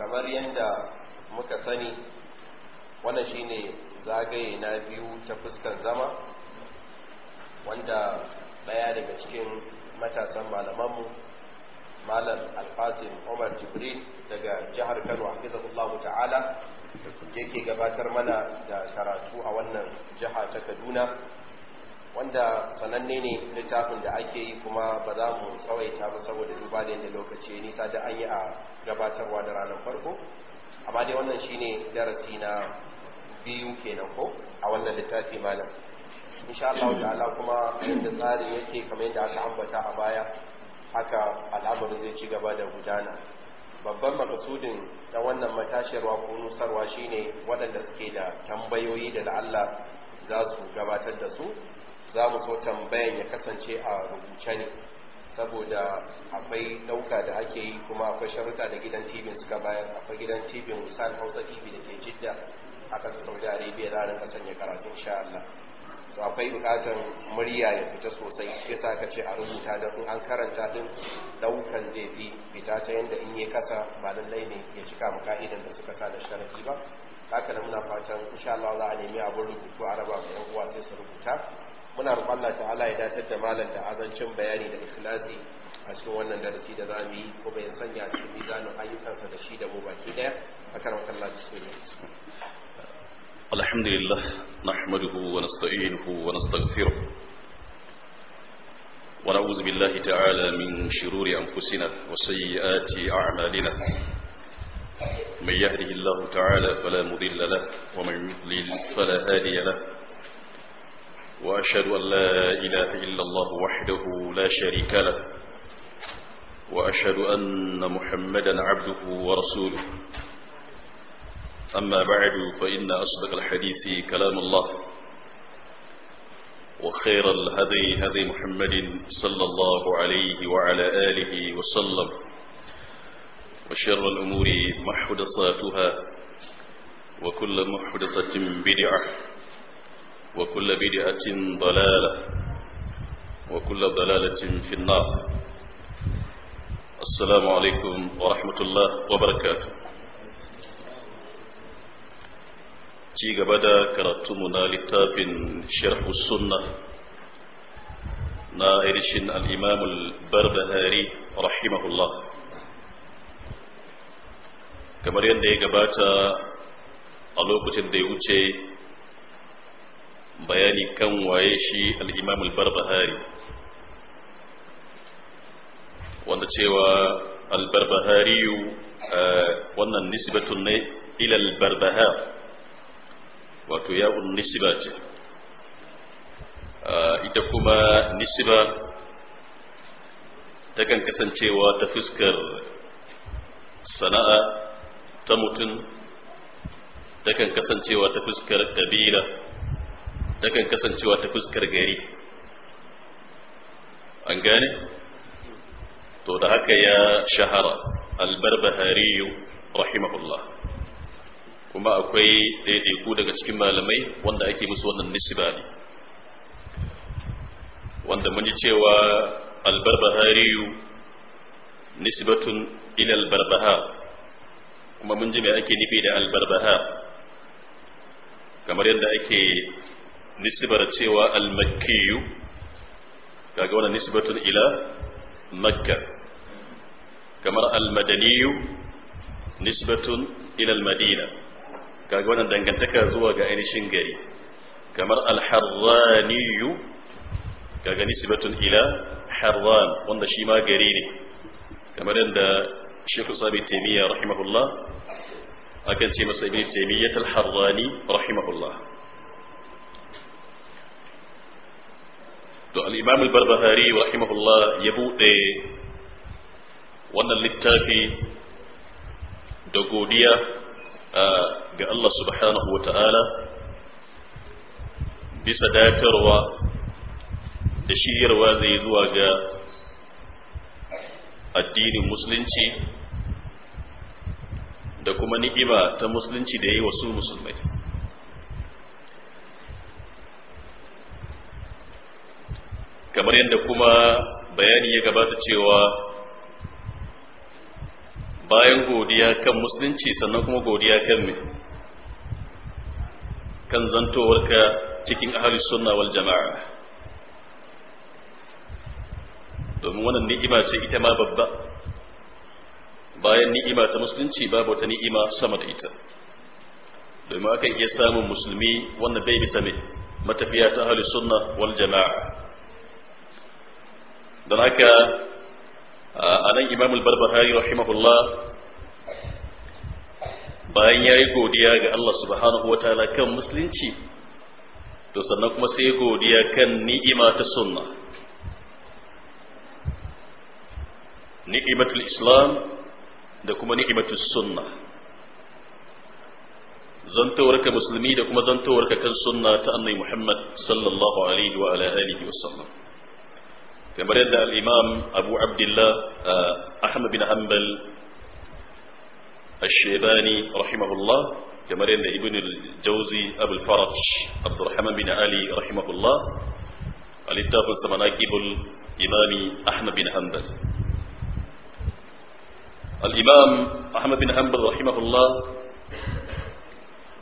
kamar yadda muka sani wannan shine zagaye na biyu ta fuskar zama wanda daya daga cikin matasan malamanmu malam alfasim umar jibril daga jihar kano a hafizahullahu ta'ala yake gabatar mana da karatu a wannan jiha ta kaduna wanda sananne ne littafin da ake yi kuma ba za mu tsawaita ba saboda duba da yadda lokaci nisa da an yi a gabatarwa da ranar farko amma dai wannan shine darasi na biyu kenan ko a wannan littafi malam insha Allah Allah kuma yadda tsari yake kamar yadda aka ambata a baya haka al'amarin zai ci gaba da gudana babban makasudin ta wannan matashiyarwa ko nusarwa shine waɗanda suke da tambayoyi da Allah za su gabatar da su za mu so tambayan ya kasance a rubuce ne saboda akwai ɗauka da ake yi kuma akwai sharuɗa da gidan tv suka bayar akwai gidan tv misali hausa tv da ke jidda a ƙasar saudi arabia za a kasan sanya karatu insha allah to akwai bukatar murya ya fita sosai shi yasa ka ce a rubuta da in an karanta din ɗaukan zai fi fita ta yadda in yi kasa ba lallai ne ya cika mu ka'idan da suka sa da sharafi ba haka da muna fatan insha allah za a nemi abin rubutu a raba ga yan uwa sai su rubuta muna roƙon Allah ta'ala ya dace da malam da azancin bayani da ikhlasi a cikin wannan darasi da zamu yi ko bayan sanya a cikin mizanin ayyukansa da shi da mu baki daya akan wakan Allah bismillah الحمد لله نحمده ونستعينه ونستغفره ونعوذ بالله تعالى من شرور أنفسنا وسيئات أعمالنا من يهده الله تعالى فلا مضل له ومن يضلل فلا هادي له وأشهد أن لا إله إلا الله وحده لا شريك له وأشهد أن محمدا عبده ورسوله أما بعد فإن أصدق الحديث كلام الله وخير الهدي هدي محمد صلى الله عليه وعلى آله وسلم وشر الأمور محدثاتها وكل محدثة بدعة وكل بدعة ضلالة وكل ضلالة في النار السلام عليكم ورحمة الله وبركاته ci gaba da karatunmu na littafin sharhu sunna na irishin al'imam barbahari rahimahullah kamar yadda ya gabata a lokacin da ya wuce bayani kan waye shi al-imam al-barbahari wanda cewa al-barbahari eh, wannan nisbatun ne ilal al-barbahar wato ya'un nisba ce eh, ita kuma nisba takan kasancewa ta fuskar sana'a ta mutum takan kasancewa ta fuskar kabila takan kasancewa ta fuskar gari an gane to da haka ya shahara albarbahariyu rahimahullah kuma akwai ɗaiɗaiku daga cikin malamai wanda ake musu wannan nisba ne wanda mun ji cewa albarbahariyu nisbatun ila albarbaha kuma mun ji mai ake nufi da albarbaha kamar yadda ake nisbar cewa al-makkiyu kaga wannan nisbatun ila makka kamar al-madaniyu nisbatun ila al-madina kaga wannan dangantaka zuwa ga ainihin gari kamar al-harraniyu kaga nisbatun ila harran wanda shi ma gari ne kamar yadda Sheikh Sabi Taymiyyah rahimahullah akan ce masa Ibn Taymiyyah al-Harrani rahimahullah to al-imam al-barbahari rahimahullah ya bude wannan littafi da godiya ga Allah subhanahu wata'ala bisa datarwa da shiryarwa zai zuwa ga addinin musulunci da kuma ni'ima ta musulunci da yi wasu musulmai kamar yadda kuma bayani ya gabata cewa bayan godiya kan musulunci sannan kuma godiya kan me kan zantowarka cikin ahalus sunna wal jama'a domin wannan ni'ima ce ita ma babba bayan ni'ima ta musulunci babu wata ni'ima sama da ita domin akan iya samun musulmi wanda bai bisa mai matafiya ta ahalus sunna wal jama'a don haka a nan imam al-barbahari rahimahullah bayan ya yi godiya ga Allah subhanahu wa ta'ala kan musulunci to sannan kuma sai godiya kan ni'ima ta sunna ni'imatul islam da kuma ni'imatul sunna zantowarka musulmi da kuma zantowarka kan sunna ta annai muhammad sallallahu alaihi wa ala alihi wa sallam kamar yadda al’imam abu abdullah uh, ahmad bin hanbal al-shaibani rahimahullah kamar yadda ibn faraj abdurrahman bin ali rahimahullah al-ittafin samana kibul imami ahmad bin hanbal al’imam ahmad bin hanbal rahimahullah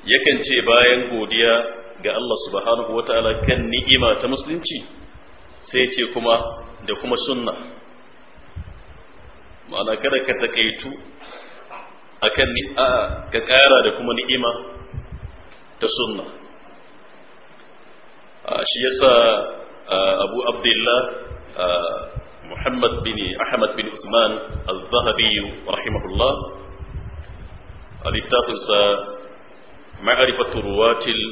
yakan ce bayan godiya ga Allah subhanahu wa ta’ala kan ni’ima ta musulunci sai ce kuma da kuma sunna ma'ana kada ka takaitu akan ni a ka kara da kuma ni'ima ta sunna shi yasa abu abdullah muhammad bin ahmad bin usman al-zahabi rahimahullah a littafinsa ma'arifatul ruwatil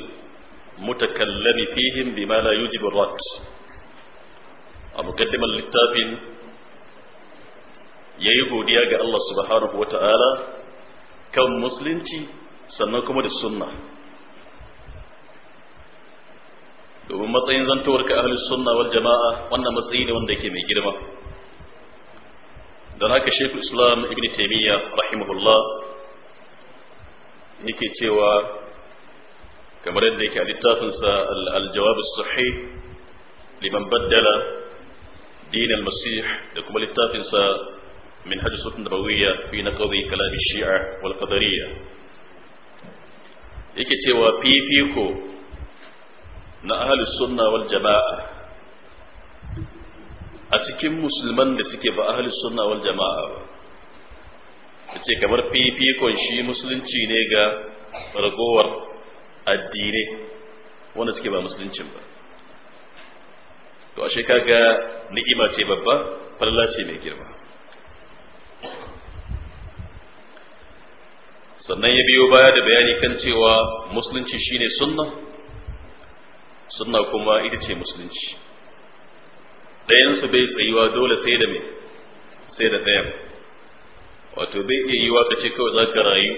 mutakallami fihim bima la yujibu rat a mukaddimar littafin ya yi godiya ga Allah subhanahu wa ta'ala kan musulunci sannan kuma da sunna domin matsayin zantowar ka ahalus sunna wal jama'a wannan matsayi ne wanda yake mai girma don haka shekul islam ibn taimiyya rahimahullah yake cewa kamar yadda yake a littafinsa al-jawab sahih liman baddala دين المسيح لكم للتافنسة من حج سنة نبوية في نقض كلام الشيعة والقدرية yake wa fifiko na ahalus sunna wal jama'a a cikin musulman da suke ba ahalus sunna wal jama'a ba ta ce kamar fifikon shi musulunci ne ga ragowar addinai wanda suke ba musuluncin ba to ashe ga ni'ima ce babba falla ce mai girma sannan ya biyo baya da bayani kan cewa musulunci shine sunna sunna kuma ita ce musulunci ɗayansu bai tsayuwa dole sai da mai sai da ɗayan wato bai iya yiwa ka ce kawai za ka rayu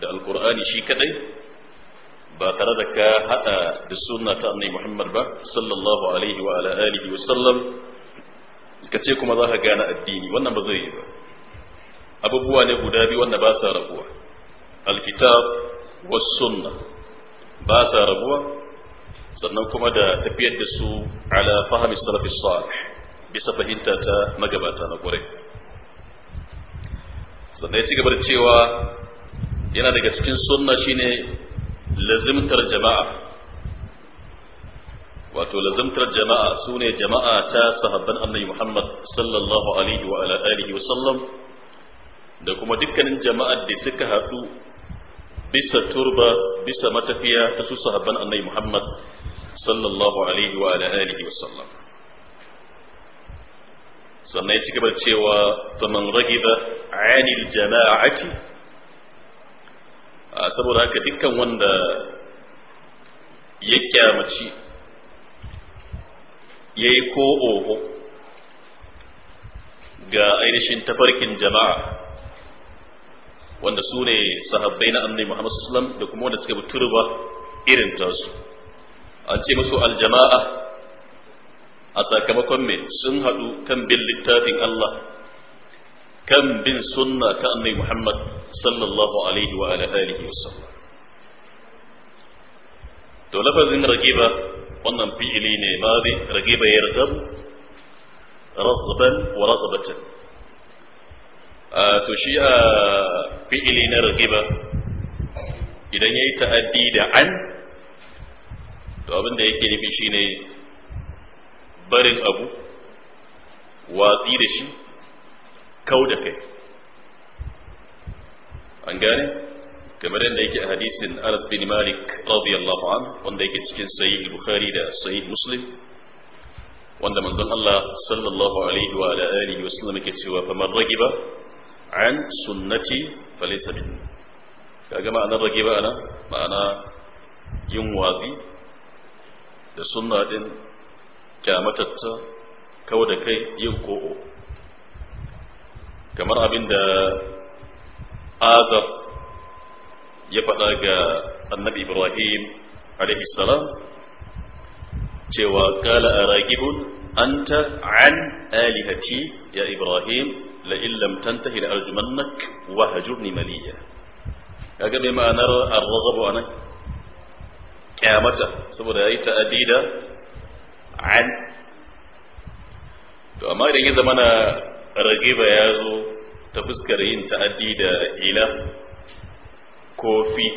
da alkur'ani shi kaɗai. ba tare da ka hada da sunna ta annabi Muhammad ba sallallahu alaihi wa ala alihi wa sallam ka ce kuma za ka gane addini wannan ba zai yi ba abubuwa ne guda biyu wanda ba sa rabuwa alkitab was sunna ba sa rabuwa sannan kuma da tafiyar da su ala fahmi salafi salih bisa fahimta ta magabata na kwarai sannan ya ci gaba da cewa yana daga cikin sunna shine lazimtar jama'a wato lazimtar jama'a su ne jama'a ta sahabban annabi Muhammad sallallahu alaihi wa ala alihi wa sallam da kuma dukkanin jama'ar da suka haɗu bisa turba bisa matafiya ta su sahabban annabi Muhammad sallallahu alaihi wa ala alihi wa sallam sannan ya ci gaba cewa faman ragiba anil jama'ati saboda haka dukkan wanda ya kyamaci ya yi ko oho ga ainihin tafarkin jama'a wanda su ne sahabbai na annai Muhammad sallam da kuma wanda suka bi turba irin tasu an ce musu aljama'a a sakamakon mai sun haɗu kan bin littafin Allah kan bin sunna ta annai Muhammad sallallahu alaihi wa ala alihi wasallam to lafazin ragiba wannan fi'ili ne bi ragiba ya ragab razban wa razbatan to shi a fi'ili na ragiba idan yayi ta'addi da an to abin da yake nufi shine barin abu watsi da shi kau da kai an gane kamar yadda yake a hadisin Anas bin Malik radiyallahu an wanda yake cikin sahih Bukhari da sahih Muslim wanda manzon Allah sallallahu alaihi wa alihi wa sallam yake cewa faman ragiba an sunnati falaysa minni kaga ma'anar ragiba ana ma'ana yin wazi da sunna din kyamatatta kau da kai yin ko'o kamar abin da azar ya faɗa ga annabi ibrahim alaihi salam cewa kala a ragibun anta an alihati ya ibrahim la illam tantahi la arjumannak wa hajurni maliya kaga mai ma'anar ar-raghabu anan kyamata saboda yayi ta'adida an to amma idan ya zamana ragiba ya zo ta fuskar yin ta'addi da ila kofi.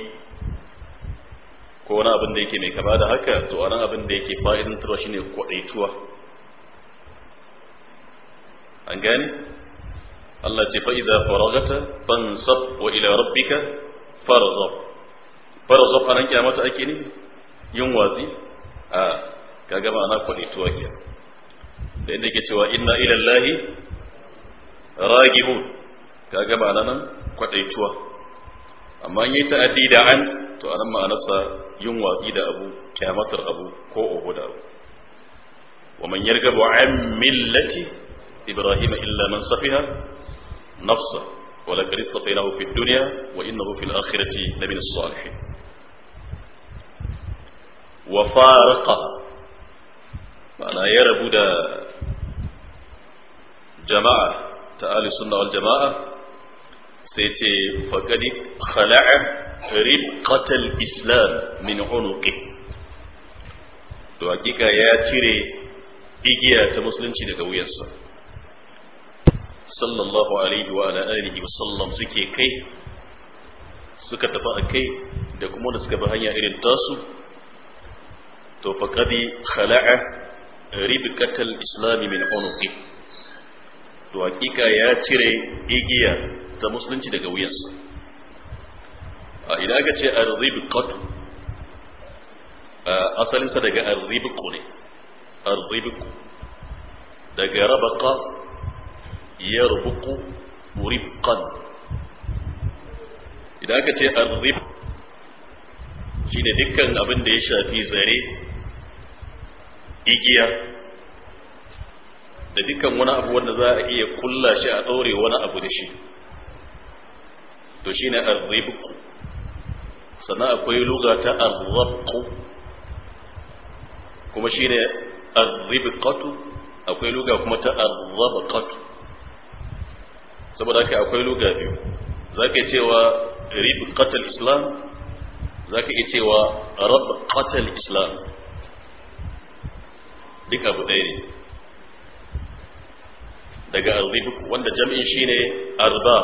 ko wani abin da yake mai kama da haka to a nan abin da yake fa'idan tarwa shine kwaɗaituwa an gani? Allah ce fa'iza faragata fansab wa ila rabbika farzab farzab a nan kyamata ake ne yin watsi a kaga ma'ana kwaɗaituwa ke da inda ke cewa inna ilallahi ragibun kaga ba nan kwadaituwa amma in yi ta'addi da an to a nan ma'anarsa yin watsi da abu kyamatar abu ko ogo da abu wa man yargabu an millati ibrahima illa man safiha nafsa wa laqad istafaynahu fid dunya wa innahu fil akhirati lamin as-salihin wa faraqa ma'ana ya rabu da jama'a ta Ali sunna wal jama'a sai ce faqad khala'a ribqatal islam min unuqi to hakika ya cire igiya ta musulunci daga wuyansa sallallahu alaihi wa ala alihi wa sallam suke kai suka tafi a kai da kuma da suka bi hanya irin tasu to faqad khala'a ribqatal islam min unuqi to hakika ya cire igiya ta musulunci daga wuyansa a idan aka ce kotu, asalinsa daga ku ne ku. daga rabaqa yarbuqu ribqan idan aka ce arzib shine dukkan abin da ya shafi zare igiya da dukkan wani abu wanda za a iya kulla shi a ɗaure wani abu da shi to shi ne arzibku sannan akwai luga ta arzabku kuma shi ne arzibkatu akwai luga kuma ta arzabkatu saboda haka akwai luga biyu za ka cewa ribkatul islam za ka iya cewa rabkatul islam duk abu ɗaya ne daga arribq wanda jam'in shine Arba,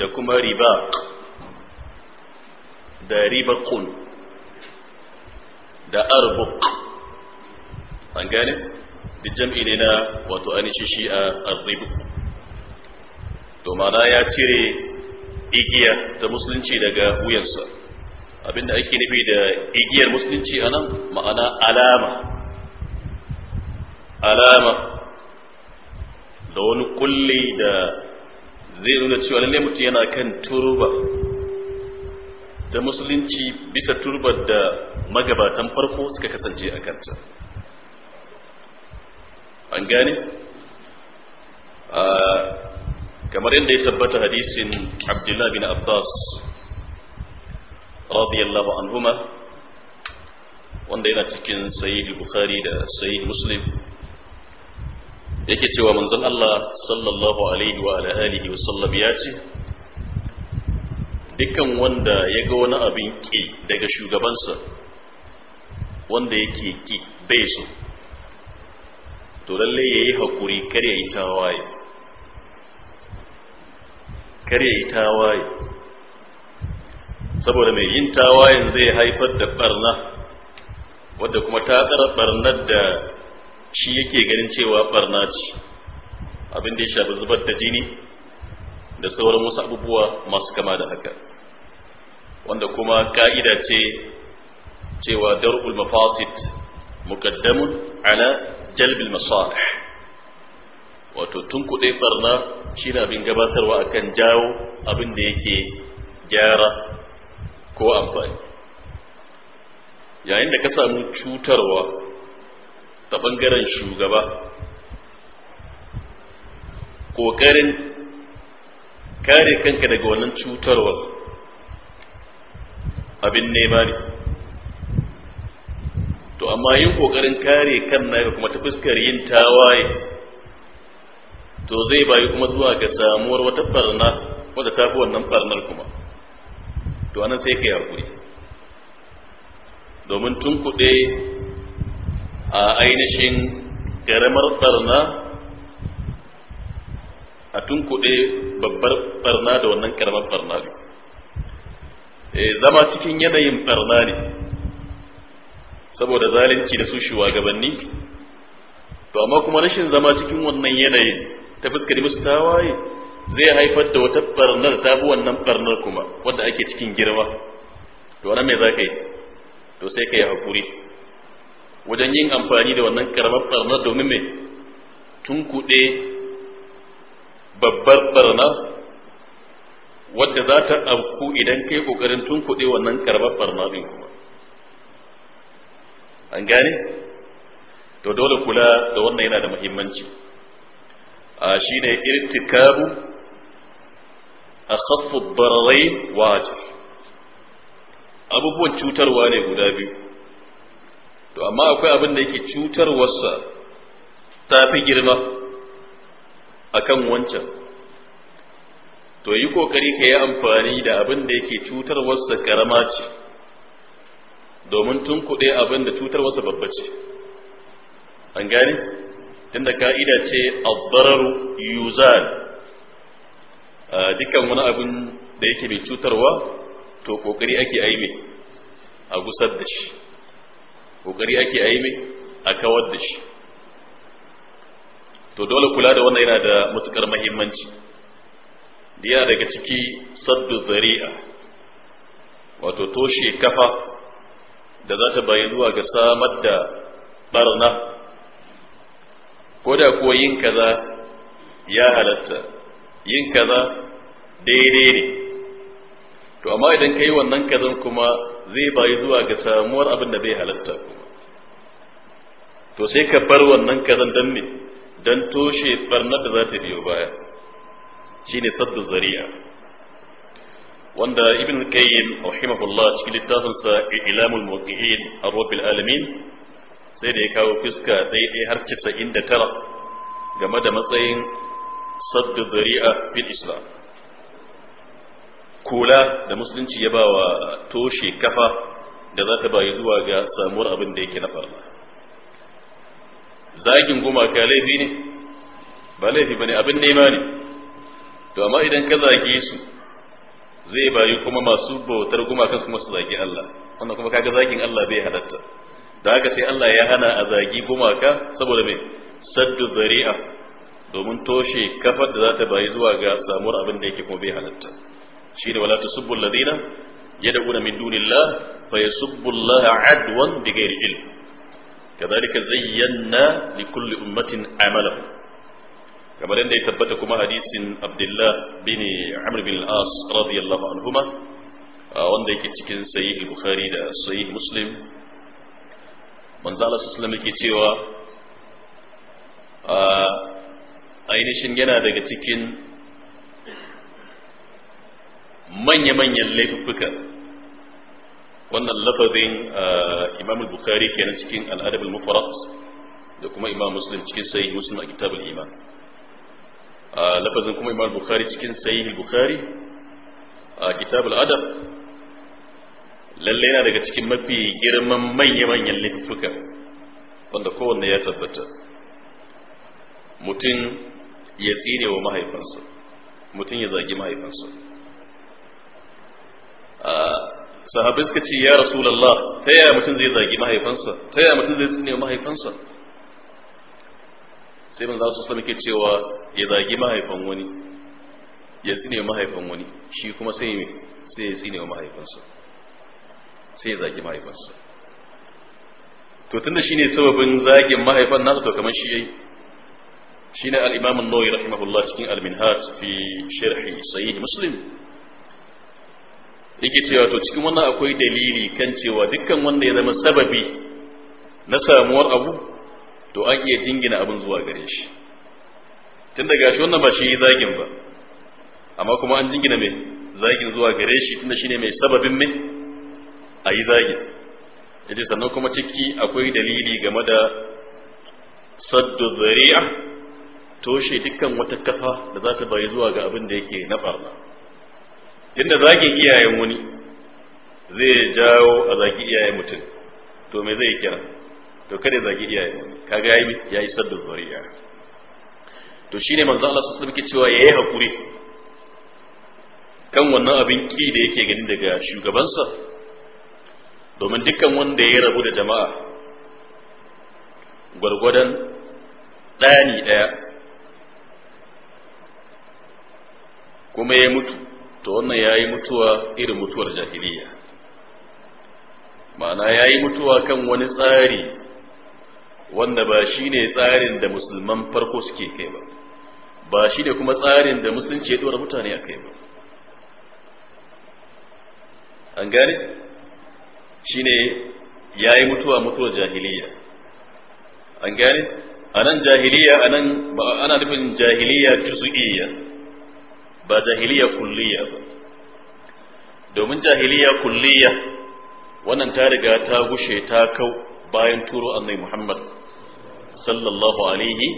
da kuma riba da ribaqun da arbuq an gane da jam'i ne na wato ainihin shi a arribq to mana ya cire igiya ta musulunci daga wuyansa abinda ake nufi da igiyar musulunci a nan ma'ana alama alama da wani kulle da zai nuna cewa lalle mutum yana kan turba da musulunci bisa turba da magabatan farko suka kasance a kanta an gane kamar yadda ya tabbata hadisin Abdullahi bin abbas radiyallahu anhuma wanda yana cikin sayyid bukhari da sayyid muslim yake cewa manzon Allah sallallahu alaihi wa alihi wa sallam ya ce dukkan wanda ya ga wani abin ki daga shugabansa wanda yake ki bai so to lalle yayi hakuri kare ya yi tawaye kar ya yi tawaye saboda mai yin tawayen zai haifar da barna wadda kuma ta tsara barnar da shi yake ganin cewa barna ce abin da ya shafi zubar da jini da sauran wasu abubuwa masu kama da haka wanda kuma ka'ida ce cewa dar'ul mafasid muqaddamun ala jalbil masalih wato tun kuɗe barna shi na abin gabatarwa akan jawo abin da yake gyara ko amfani yayin da ka samu cutarwa ta ɓangaren shugaba ƙoƙarin kare kanka daga wannan cutarwar abin nema ne to amma yin ƙoƙarin kare kan naka kuma ta fuskar yin tawaye to zai bayu kuma zuwa ga samuwar wata barna wadda ta fi wannan barnar kuma to anan sai ka yi haƙuri domin tun kuɗe a ainihin ƙaramar tsarna a tunkuɗe babbar tsarna da wannan ƙaramar tsarna ne eh, zama cikin yanayin tsarna ne saboda zalunci da su shugabanni to amma kuma rashin zama cikin wannan yanayin ta fuskari musu tawaye zai haifar da wata barnar ta bi wannan barnar kuma wadda ake cikin girma to wani me za ka yi to sai ka yi haƙuri wajen yin amfani da wannan karamar barna domin tun tunkuɗe babbar barna wadda za ta afku idan kai ƙoƙarin tunkuɗe wannan karamar barna din kuma an gane to dole kula da wannan yana da muhimmanci a shi shine irtikabu a ad-dararain wajen abubuwan cutarwa ne guda biyu to amma akwai abin da yake cutarwarsa ta fi girma a kan wancan to yi kokari ka yi amfani da abin da yake cutarwarsa karama ce domin tun kuɗe abin da cutarwarsa babba ce an gani? tunda ka'ida ce abbararu yuzan dukkan wani abin da yake mai cutarwa to kokari ake aime a gusar da shi kokari ake a yi mai a kawar da shi to dole kula da wannan yana da matukar mahimmanci yana daga ciki saddu zari'a wato toshe kafa da za ta bayi zuwa ga samar da barna ko da kuwa yin kaza ya halatta yin kaza daidai ne to amma idan ka yi wannan kazan kuma zai bayi zuwa ga samuwar abin da bai halatta to sai ka bar wannan kazan dan me dan toshe barnar da za ta biyo baya shine saddu zari'a wanda ibn qayyim rahimahullah cikin littafin sa ilamul muqiin a rabbil alamin sai da ya kawo fiska har dai har tara game da matsayin saddu zari'a fil islam kula da musulunci ya ba wa toshe kafa da za ta bayi zuwa ga samuwar abin da yake na farla zagin gumaka laifi ne ba laifi ba ne abin nema ne to amma idan ka zage su zai bayi kuma masu bautar gumakan su masu zagi Allah wannan kuma kaga zagin Allah bai halatta da haka sai Allah ya hana a zagi gumaka saboda mai saddu zari'a domin toshe kafar da za ta bayi zuwa ga samuwar abin da yake kuma bai halatta shine wala tasubbu alladhina yad'una min dunillah fa yasubbu Allah adwan bighairi ilm kadhalika zayyana kulli ummatin amalahum kamar yadda ya tabbata kuma hadisin Abdullah bin Amr bin al-As radiyallahu anhuma wanda yake cikin sahih Bukhari da sahih Muslim manzo Allah sallallahu alaihi yake cewa ainihin yana daga cikin manya-manyan laifuka wannan lafazin ah, imam al-bukhari kenan cikin al'adab al-mufarad da kuma imam muslim cikin sahih muslim a kitab al-iman ah, lafazin kuma imam bukhari cikin sahih bukhari a kitab al-adab lalle yana daga cikin mafi girman manya-manyan laifuka wanda kowanne ya tabbata mutum ya tsine wa mahaifansa mutum ya zagi mahaifansa sahabi suka ce ya rasulullah ta yaya mutum zai zagi mahaifansa ta yaya mutum zai tsine mahaifansa sai manzo zasu sallama ke cewa ya zagi mahaifan wani ya tsine mahaifan wani shi kuma sai me sai ya tsine mahaifansa sai ya zagi mahaifansa to tunda shine sababin zagin mahaifan nasa to kamar shi yayi shine al-imam an-nawawi rahimahullah cikin al-minhaj fi sharhi sahih muslim yake cewa to cikin wannan akwai dalili kan cewa dukkan wanda ya zama sababi na samuwar abu to an iya jingina abin zuwa gare shi tun daga shi wannan ba shi yi zagin ba amma kuma an jingina mai zagin zuwa gare shi tunda ne mai sababin mai a yi zagin yace sannan kuma ciki akwai dalili game da saddu zari'a toshe dukkan wata kafa da za ta bayi zuwa ga abin da yake na barna inda zagin iyayen wani zai jawo a zagi iyayen mutum to me zai kira to kada zagi iyayen wani kaga yayi yayi saddu zuriya to shine manzo Allah sallallahu alaihi wasallam cewa yayi hakuri kan wannan abin ki da yake gani daga shugabansa domin dukkan wanda ya rabu da jama'a gwargwadon ɗani ɗaya kuma ya mutu to wannan ya yi mutuwa irin mutuwar jahiliya ma'ana ya yi mutuwa kan wani tsari wanda ba shi ne tsarin da musulman farko suke kai ba ba shi ne kuma tsarin da musulunci ya ɗora mutane a kai ba an gane shi ne ya yi mutuwa mutuwar jahiliya an gane a nan jahiliya a nan ana nufin jahiliya juzu'iyya ba jahiliya kulliya ba domin jahiliya kulliya wannan ta riga ta gushe ta kau bayan turo annai muhammad sallallahu alaihi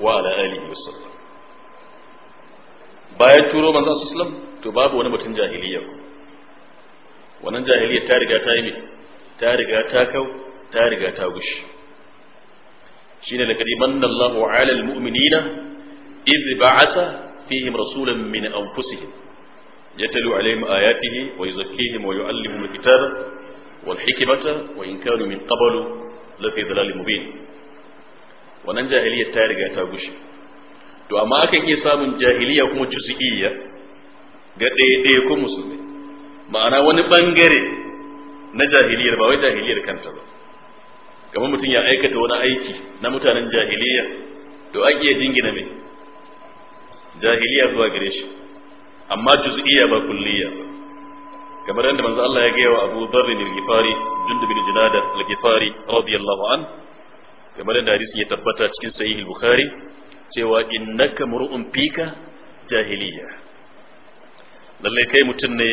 wa ala alihi wasallam bayan turo manzo sallam to babu wani mutum jahiliya wannan jahiliya ta riga ta yi ta riga ta kau ta riga ta gushe shine laqad manna Allahu ala al-mu'minina idh ba'atha fihim rasulan min anfusihim yatalu alaihim ayatihi wa yuzakkihim wa yu'allimuhum alkitaba wal hikmata wa in ta riga ta gushe to amma akan iya samun jahiliya kuma juz'iyya ga ɗaya ko musulmi ma'ana wani bangare na jahiliyar ba wai jahiliyar kanta ba kamar mutum ya aikata wani aiki na mutanen jahiliya to an jahiliya zuwa gare shi amma juz'iyya ba kulliyya kamar yadda manzo Allah ya gaya wa Abu Dharr bin Ghifari Jundub bin Junada al-Ghifari radiyallahu an kamar yadda hadisi ya tabbata cikin sahih al-Bukhari cewa innaka mur'un fika jahiliya lalle kai mutum ne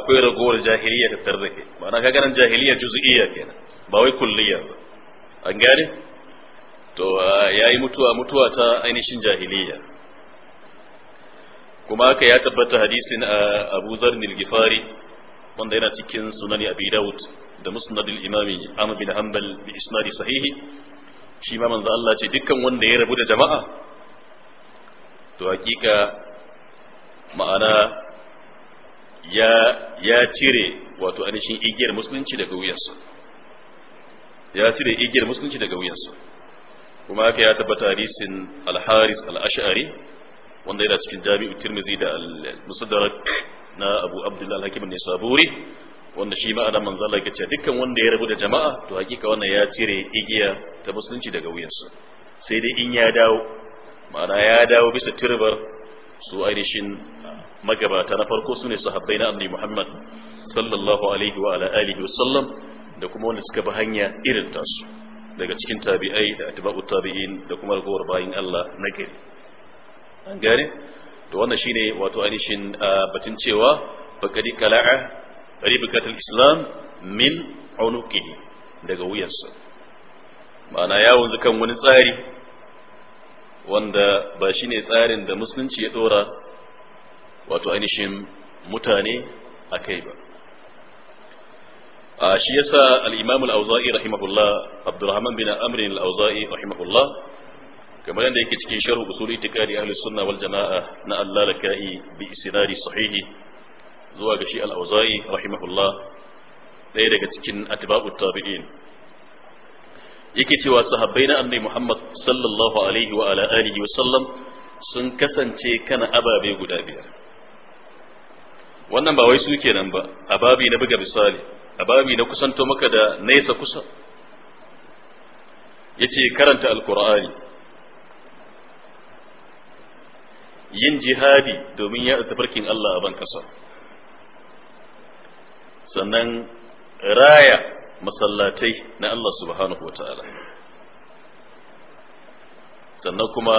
akwai ragowar jahiliya da tarzake ma'ana ka nan jahiliya juz'iyya kenan ba wai kulliyya ba an gane to yayi mutuwa mutuwa ta ainihin jahiliya kuma haka ya tabbata hadisin a eh, Abu Zar Gifari wanda yana cikin sunani Abi Dawud da musnad al-Imam Ahmad bin Hanbal bi isnadi sahihi shi ma manzo Allah ce dukkan wanda ya rabu da jama'a to hakika ma'ana ya ya cire wato anishin igiyar musulunci daga wuyansa ya cire igiyar musulunci daga wuyansa kuma haka ya tabbata hadisin al-Haris al-Ash'ari wanda yana cikin jami'u tirmizi da al-musaddarak na abu Abdullahi al-hakim ne saburi wanda shi ma'ana manzo Allah yace dukkan wanda ya rabu da jama'a to hakika wannan ya cire igiya ta musulunci daga wuyansu. sai dai in ya dawo ma'ana ya dawo bisa turbar su ainihin magabata na farko sune sahabbai na annabi Muhammad sallallahu alaihi wa ala alihi wa sallam da kuma wanda suka bi hanya irin tasu daga cikin tabi'ai da atba'u tabi'in da kuma ragowar bayin Allah na gari an gane to wannan shine wato ainihin ah, batun cewa faqadi kala'a ribkatul islam min unuqihi daga wuyansa ma'ana ya wanzu kan wani tsari wanda ba shine tsarin da musulunci ya dora wato ainihin mutane a kai ba a ah, shi yasa al-imam al-auza'i rahimahullah abdurrahman bin Amrin al-auza'i rahimahullah kamar yadda yake cikin sharh usul itiqadi ahli sunna wal jamaa na Allah lakai bi isnadi sahihi zuwa ga shi al-Auza'i rahimahullah ɗaya daga cikin atba'u tabi'in yake cewa sahabbai na annabi Muhammad sallallahu alaihi wa ala alihi wa sallam sun kasance kana ababe guda biyar wannan ba wai su kenan ba ababi na buga misali ababi na kusanto maka da nesa kusa yace karanta alqur'ani yin jihadi domin ya tafarkin Allah a ban kasa sannan raya masallatai na Allah subhanahu wa ta'ala sannan kuma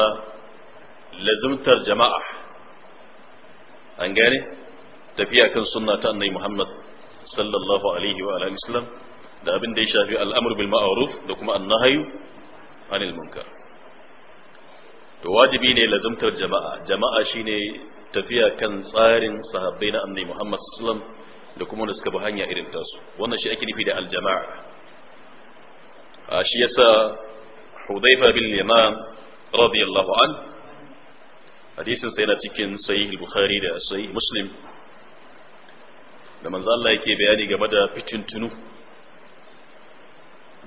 lazimtar jama'a an gane tafiya kan sunna ta annabi Muhammad sallallahu alaihi wa alihi da abin da ya shafi al'amur bil ma'aruf da kuma nahayu anil munkar to wajibi ne lazumtar jama'a jama'a shine tafiya kan tsarin sahabbai na annabi Muhammad sallallahu alaihi wasallam da kuma wanda suka bi hanya irin tasu wannan shi ake nufi da aljama'a a shi yasa Hudayfa bin Yaman radiyallahu an hadisin sai na cikin sahih Bukhari da sahih Muslim da manzo Allah yake bayani game da fitintunu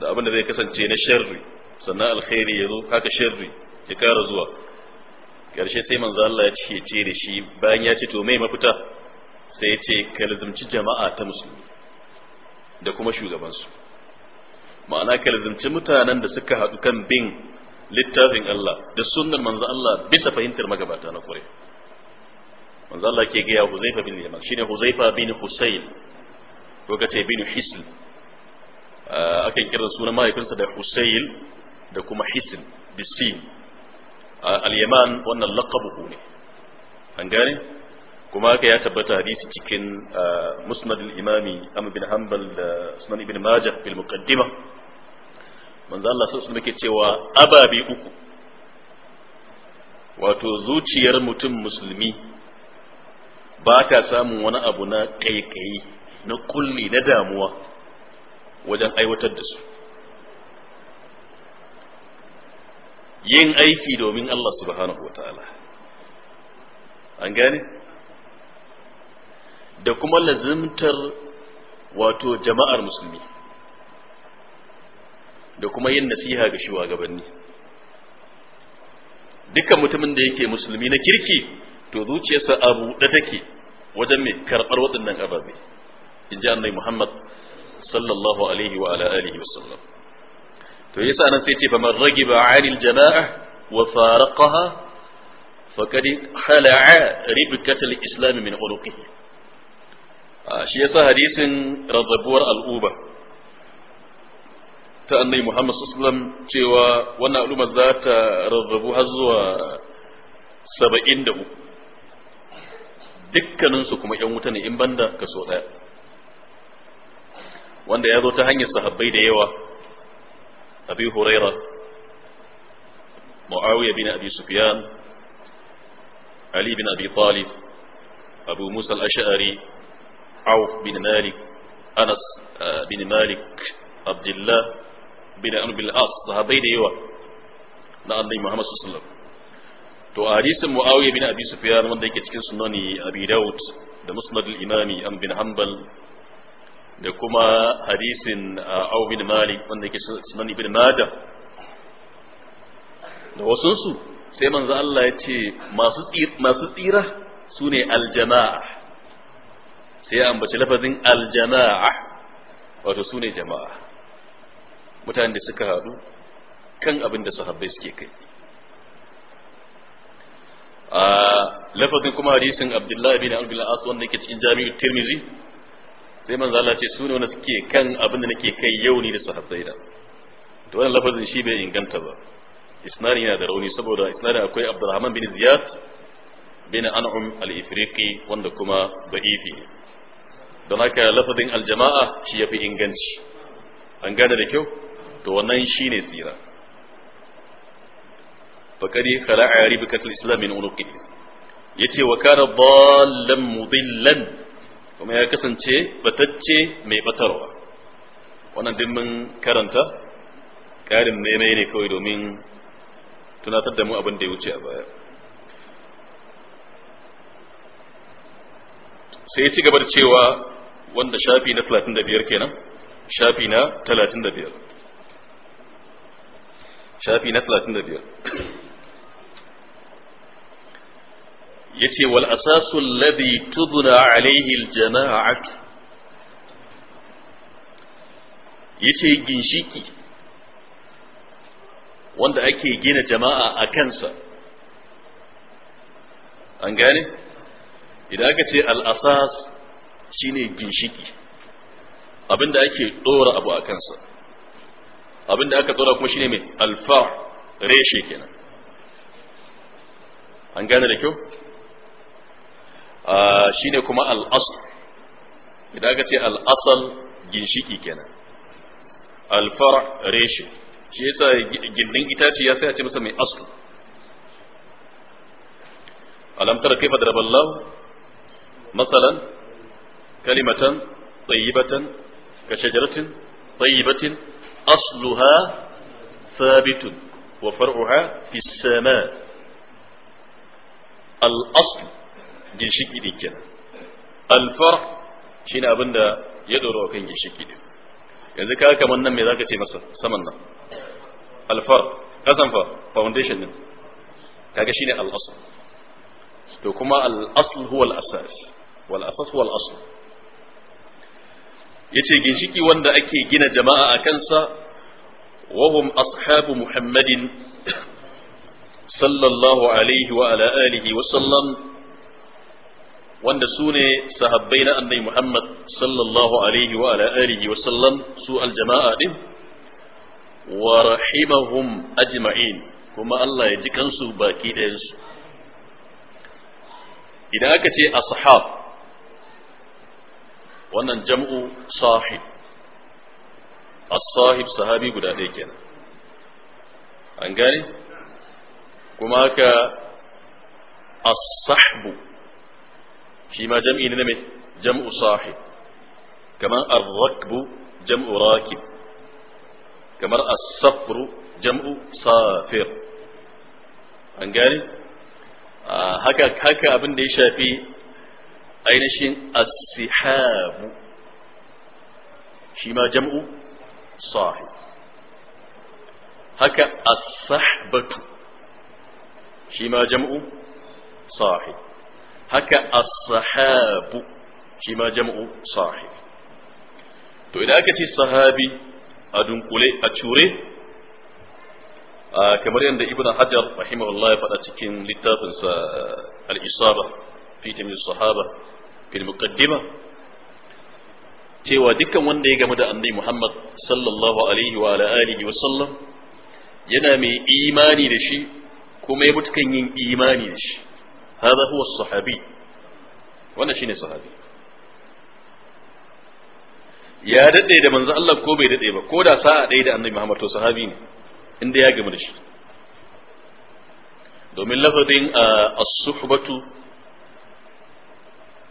da abin da zai kasance na sharri sannan alkhairi yazo haka sharri ya kara zuwa ƙarshe sai manzo Allah ya ce ce da shi bayan ya ce to mai mafita sai ya ce ka lazumci jama'a ta musulmi da kuma shugabansu ma'ana ka lazumci mutanen da suka haɗu kan bin littafin Allah da sunnar manzo Allah bisa fahimtar magabata na kure manzo Allah ke gaya Huzaifa bin Yaman shine Huzaifa bin Husayn ko kace bin Hisl ah, akan kira sunan mahaifinsa da Husayl da kuma Hisl bisin al-yaman wannan laqabuhu ne an gane kuma haka ya tabbata hadisi cikin musnad al-imami am bin hanbal da sunan ibn majah fil muqaddima manzo Allah sallallahu alaihi cewa ababi uku wato zuciyar mutum musulmi ba ta samun wani abu na kaikayi na kulli na damuwa wajen aiwatar da su yin aiki domin Allah subhanahu wa ta'ala an gane da kuma lazimtar wato jama'ar musulmi da kuma yin nasiha ga shugabanni dukkan mutumin da yake musulmi na kirki to zuciyarsa a buɗe take wajen mai karɓar waɗannan ababe in ji annai muhammad sallallahu alaihi wa ala alihi wasallam to yasa nan sai ce faman ragiba anil jama'a wa faraqaha faqad khala'a ribkatal islam min uruqihi shi yasa hadisin rarrabuwar al'uba ta annabi Muhammad sallallahu alaihi wasallam cewa wannan al'umma za ta rarrabu har zuwa 73 dukkanin su kuma yan wuta ne in banda kaso daya wanda ya zo ta hanyar sahabbai da yawa أبي هريرة معاوية بن أبي سفيان علي بن أبي طالب أبو موسى الأشعري عوف بن مالك أنس بن مالك عبد الله بن أم بالأص صحابي ديوة نأني محمد صلى الله عليه وسلم to a hadisin muawiya bin abi sufyan wanda yake cikin sunani abi daud da musnad al-imami an bin hanbal da kuma hadisin uh, Abu bin Malik wanda yake sunan Ibn Majah da wasu su sai manzo Allah ya ce masu masu tsira sune aljama'a sai an ambaci lafazin aljama'a wato sune jama'a mutanen da suka haɗu kan abin da sahabbai suke kai a uh, lafazin kuma hadisin Abdullahi bin Abdullah As wanda yake cikin Jami'u tirmizi sai manzo Allah ce sune wanda suke kan abin da nake kai yau ni da sahabbai da to wannan lafazin shi bai inganta ba isnadin yana da rauni saboda isnadin akwai Abdurrahman bin Ziyad bin An'um al-Ifriqi wanda kuma da'ifi don haka lafazin aljama'a shi yafi inganci an gane da kyau to wannan shine tsira fakari khala'a ribkatul islam min unuqi yace wa kana dhallan kuma ya kasance batacce mai batarwa wannan din mun karanta ƙarin maimai ne kawai domin tunatar da mu abin da ya wuce a baya sai ci gaba da cewa wanda shafi na 35 kenan shafi na 35 shafi na 35 yace wal asasu alladhi tubna alaihi aljama'atu yace ginshiki wanda ake gina jama'a a kansa an gane idan aka ce al'asas shine ginshiki abinda ake dora abu a kansa abinda aka dora kuma shine mai alfa reshe kenan an gane da kyau shi ne kuma al'asl idan ka ce al'asal ginshiki kenan alfar reshe shi yasa gindin itace ya sai a ce masa mai asl alamtar tara kaifa daraballahu matsalan kalimatan tsayibatan ka shajaratin tayyibatin asluha sabitun wa far'uha fi sama al-asl ginshiki din kenan alfar shine abin da ya dora kan ginshiki din yanzu ka kamar nan me zaka ce masa saman nan alfar kasan fa foundation din kaga shine al-asl to kuma al-asl huwa al-asas wal asas huwa al-asl yace ginshiki wanda ake gina jama'a a kansa wahum ashabu muhammadin sallallahu alaihi wa ala alihi wa sallam wanda su ne sahabbai na annabi Muhammad sallallahu alaihi wa ala alihi wa sallam su aljama'a din wa rahimahum ajma'in kuma Allah ya ji kansu baki ɗayan su idan aka ce ashab wannan jam'u sahib as-sahib sahabi guda ɗaya kenan an gane kuma haka as-sahbu shi ma jam'i ne na mai jam'u sahib kamar ar-rakbu jam'u rakib kamar as-safru jam'u safir an gane haka haka abin da ya shafi ainihin as-sihabu shi ma jam'u sahib haka as-sahbatu shi ma jam'u sahib haka as-sahabu shi ma jam'u sahib to idan aka ce sahabi a dunkule a cure kamar yadda ibn hajar rahimahullah ya faɗa cikin littafinsa al-isaba fi tamyiz sahaba fil muqaddima cewa dukkan wanda ya game da annabi Muhammad sallallahu alaihi wa alihi wa sallam yana mai imani da shi kuma ya mutu kan yin imani da shi hada huwa sahabi wannan shine sahabi ya daɗe da manza Allah ko bai daɗe ba ko da sa'a ɗaya da annabi Muhammad to sahabi ne inda ya gama da shi domin lafazin a suhbatu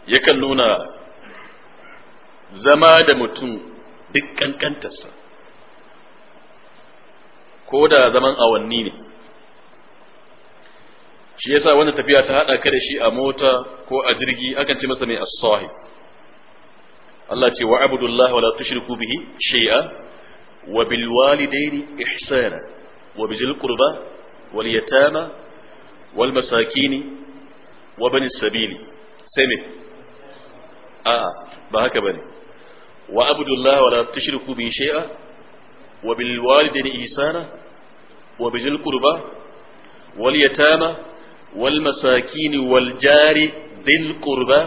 yakan nuna zama da mutum duk kankantarsa ko da zaman awanni ne shi yasa wanda tafiya ta hada ka da shi a mota ko a jirgi akan ce masa mai as-sahib Allah ce wa abudullah wa la tushriku bihi shay'a wa bil walidaini ihsana wa bi bizil qurba wal yatama wal masakin wa bani sabili sai me a ba haka bane wa abudullah wa la tushriku bihi shay'a wa bil walidaini ihsana wa bi bizil qurba wal yatama wal masakini wal jari dhil qurba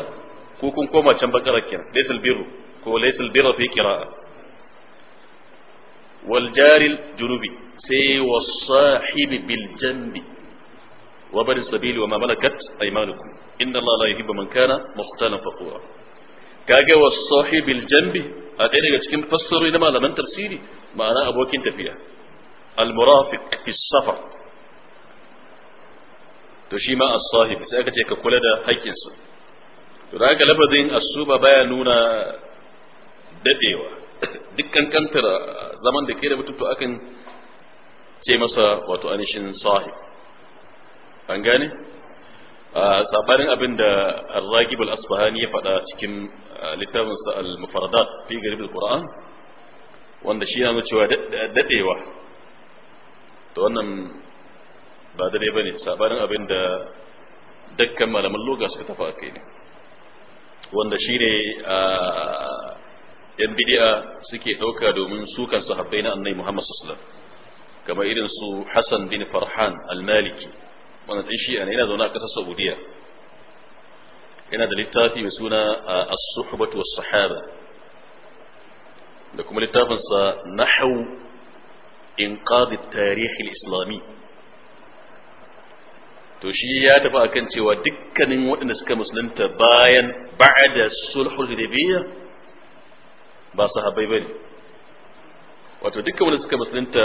kun koma can bakara kira laysal birru ko laysal birra fi qira'a wal jari sai was sahibi bil janbi wa wa ma malakat aymanukum inna allaha la yuhibbu kana mukhtalan faqura kage was sahibil janbi a ɗaya daga cikin fassarori na malaman tafsiri ma'ana abokin tafiya al murafiq to shi ma as-sahib sai aka ce ka kula da haƙƙin su to da haka lafazin as-suba baya nuna dadewa dukkan kantar zaman da ke da mutum to akan ce masa wato anishin sahib an gane sabarin abin da al-ragib al-asbahani ya faɗa cikin littafinsa al-mufaradat fi garib al-qur'an wanda shi yana cewa dadewa to wannan ba daidai bane sabanin abin da dukkan malaman loga suka tafa a kai ne wanda shine a yan bidi'a suke ɗauka domin sukan sahabbai na annabi Muhammad sallallahu kamar irin su Hassan bin Farhan al-Maliki wannan dan shi'a ne yana zaune a kasar Saudiya yana da littafi mai suna a suhbatu wa sahaba da kuma littafinsa nahwu inqad at tarihi al-islami to shi ya tafi akan cewa dukkanin waɗanda suka musulunta bayan ba'da sulhul hudaybiyya ba sahabbai bane wato dukkan waɗanda suka musulunta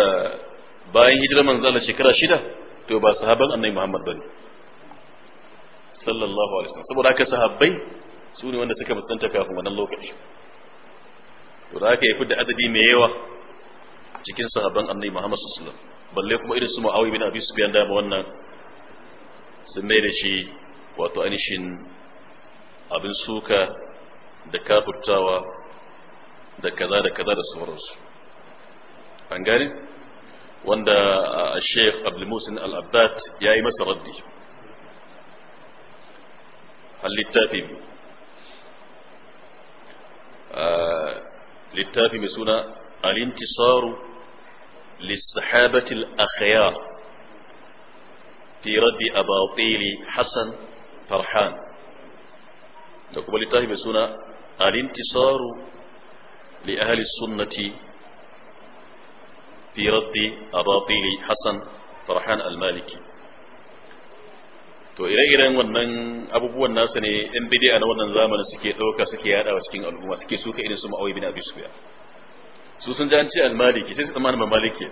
bayan hijirar manzo Allah shekara shida to ba sahaban annabi Muhammad bane sallallahu alaihi wasallam saboda haka sahabbai su ne wanda suka musulunta kafin wannan lokaci to da haka ya fi da adadi mai yawa cikin sahabban annabi Muhammad sallallahu alaihi wasallam balle kuma irin su Muawiya bin Abi Sufyan da wannan sun mai da shi wato anishin abin suka da kafurtawa da kaza da kaza da sauransu an gane wanda a sheikh abdulmusin al-abbad ya yi masa raddi littafi littafi mai suna al-intisaru lissahabatil akhiyar fi raddi abatili hassan da kuma littafi mai suna alintisaru li ahli sunnati fi raddi abatili almaliki to ire-iren wannan abubuwan nasa ne yan bidiya na wannan zamanin suke ɗauka suke yada wa cikin al'umma suke suka irin su ma'awai bin abi su sun ji an ce almaliki sai su tsammanin ba maliki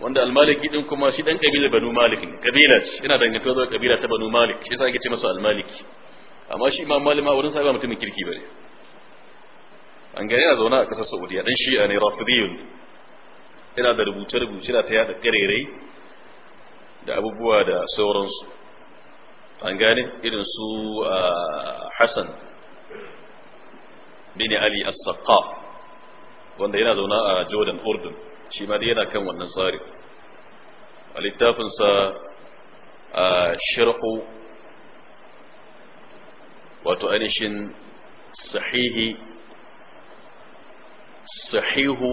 wanda almaliki din kuma shi dan kabilar banu malik ne kabila ce yana dangantuwa zuwa kabila ta banu malik shi yasa ake ce masa almaliki amma shi imam malik ma wurin sa ba mutumin kirki bane an gani a zauna a kasar saudiya dan shi ne rafidiyun yana da rubuce rubuce da ta yada karerai da abubuwa da sauransu an gane irin su hassan bin ali as-saqaf wanda yana zauna a jordan urdun shi ma dai yana kan wannan tsari a littafinsa a sharhu wato ainihin sahihi sahihu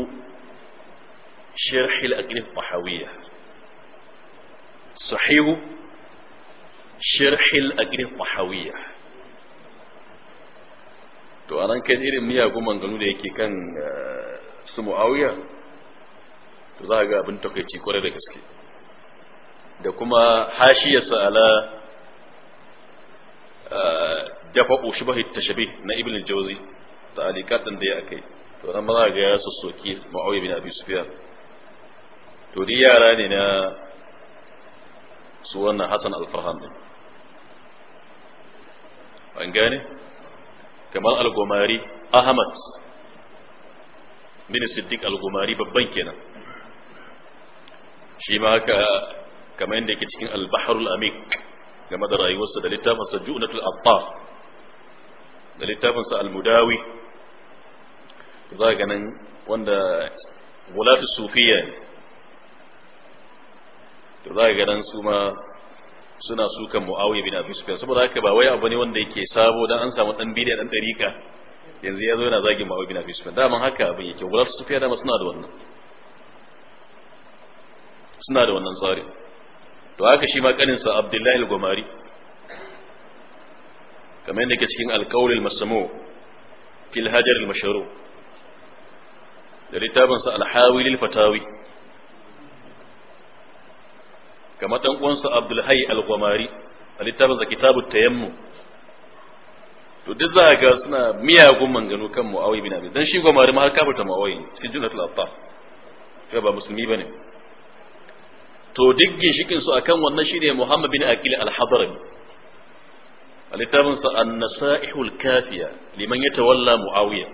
sharhi al-aqlif tahawiyya sahihu sharhi al-aqlif tahawiyya to anan kai irin miyagun manganu da yake kan su muawiya to za a ga abin takaici kwarai da gaske da kuma hashiyarsa ala dafa ƙoshi tashabi na ibn jauzi ta alikatan da ya akai to nan za ga ya sassoki bin abi to dai yara ne na su wannan hasan alfarhan din an gane kamar ahmad siddiq babban kenan shi ma haka kamar yadda yake cikin al amik game da rayuwarsa da littafinsa sa ju'natul attar da littafin sa al-mudawi za ga nan wanda wulatu sufiya to za ga nan su ma suna sukan muawiya bin abi sufyan saboda haka ba wai abu ne wanda yake sabo dan an samu dan bidiya dan dariƙa yanzu ya zo yana zagin muawiya bin abi sufyan daman haka abin yake wulatu sufiya dama suna da wannan suna da wannan tsarin to haka shi ma kaninsa abdullahi al-gumari kamar yadda ke cikin alkawul al-masamu fil hajar al mashru da littafinsa al hawil al fatawi kamar dan uwansa abdullahi al-gumari a littafinsa kitabut tayammu to duk za ga suna miyagun manganu kan mu'awiya bin abi dan shi gumari ma har ta mu'awiya cikin jinatul attaf ba musulmi bane to duk ginshikin su akan wannan shine Muhammad bin Aqil al-Hadrami a littafin sa an-nasaihul kafiya liman yatawalla Muawiya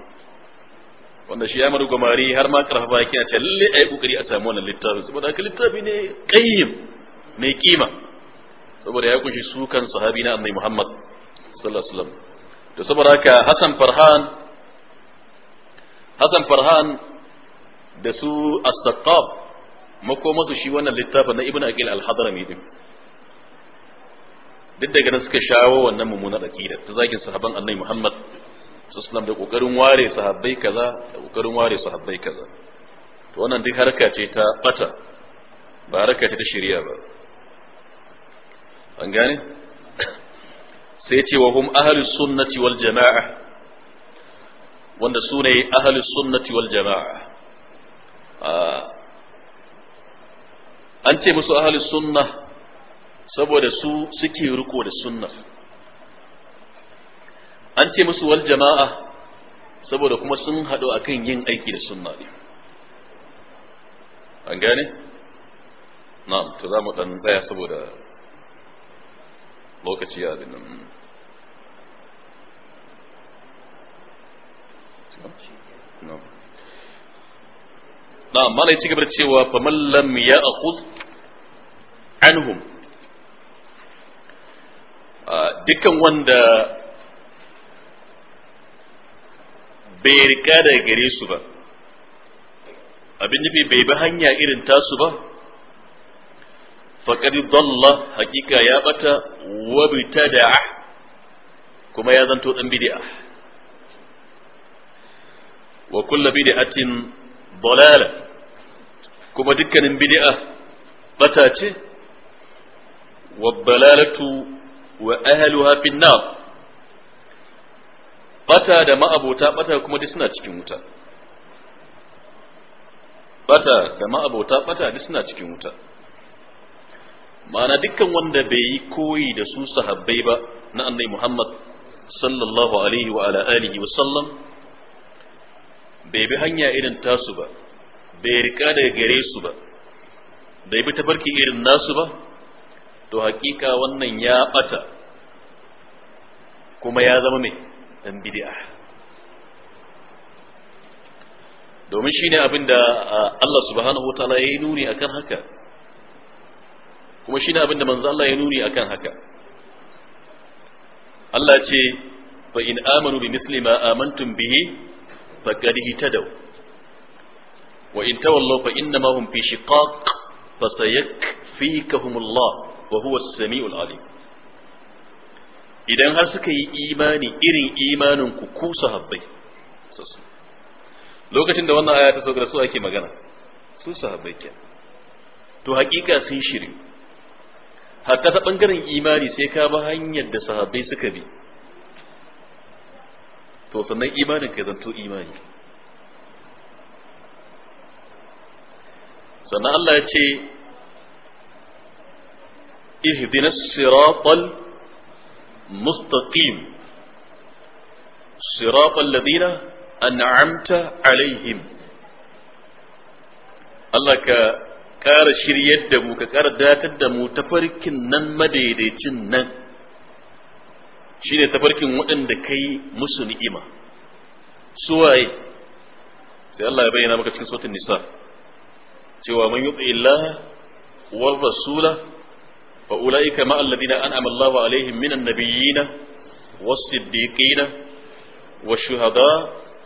wanda shi ya marugumari har ma karfafa yake ce lalle ayi kokari a samu wannan littafin saboda haka littafi ne qayyim mai kima saboda ya kunshi sukan sahabi na Annabi Muhammad sallallahu alaihi wasallam to saboda haka Hassan Farhan Hassan Farhan da su as-Saqaf makomasu shi wannan littafin na ibn aqil al-hadrami din duk daga nan suka shawo wannan mummunar aqida ta zagin sahaban annabi Muhammad sallallahu da kokarin ware sahabbai kaza da kokarin ware sahabbai kaza to wannan duk harka ce ta bata ba harka ce ta shari'a ba an gane sai ce wa hum ahli sunnati wal jama'a wanda su ne ahli sunnati wal jama'a ah, an ce musu ahalus sunna saboda su suke riko da sunna an ce musu wal jama'a saboda kuma sun haɗu akan yin aiki da sunna ne an gane na'am to za mu dan tsaya saboda lokaci ya nan No. na cigaba ci gaba da cewa faman ya ya'khudh anhum ah, dukkan wanda bai rika daga gare su ba abin nufi bai bi hanya irin tasu ba faƙar dalla hakika ya bata wa bita kuma ya zanto ɗan bid'a wa kulla bid'atin dalala kuma dukkanin bid'a bata ce wa dalalatu wa ahluha fin nar bata da ma'abota bata kuma duk suna cikin wuta bata da ma'abota bata duk suna cikin wuta ma'ana dukkan wanda bai yi koyi da su sahabbai ba na annabi Muhammad sallallahu alaihi wa ala alihi wa sallam bai bi hanya irin tasu ba bai rika daga gare su ba bai bi tafarki irin nasu ba to hakika wannan ya bata kuma ya zama mai dan bid'a domin shine abin da Allah subhanahu wataala ya yi nuni akan haka kuma shine abin da manzo Allah ya nuni akan haka Allah ce fa in amanu bi misli ma amantum bihi فقد اهتدوا وإن تولوا فإنما هم في شقاق فسيكفيكهم الله وهو السميع العليم idan har suka yi imani irin imanin ku ku lokacin da wannan aya ta sauka su ake magana su sahabbai ke to hakika sun shiri hatta ta bangaren imani sai ka ba hanyar da sahabbai suka bi to sannan imanin ka zanto imani sannan Allah ya ce ihdina siratal mustaqim siratal ladina an'amta alaihim Allah ka ƙara shiryar da mu ka ƙara datar da mu ta farkin nan madaidaicin nan shine tafarkin waɗanda kai musu ni'ima su waye sai Allah ya bayyana maka cikin suratul nisa cewa man yuti Allah war rasula fa ulaika ma alladhina an'ama Allah alaihim minan nabiyyina was-siddiqina wash-shuhada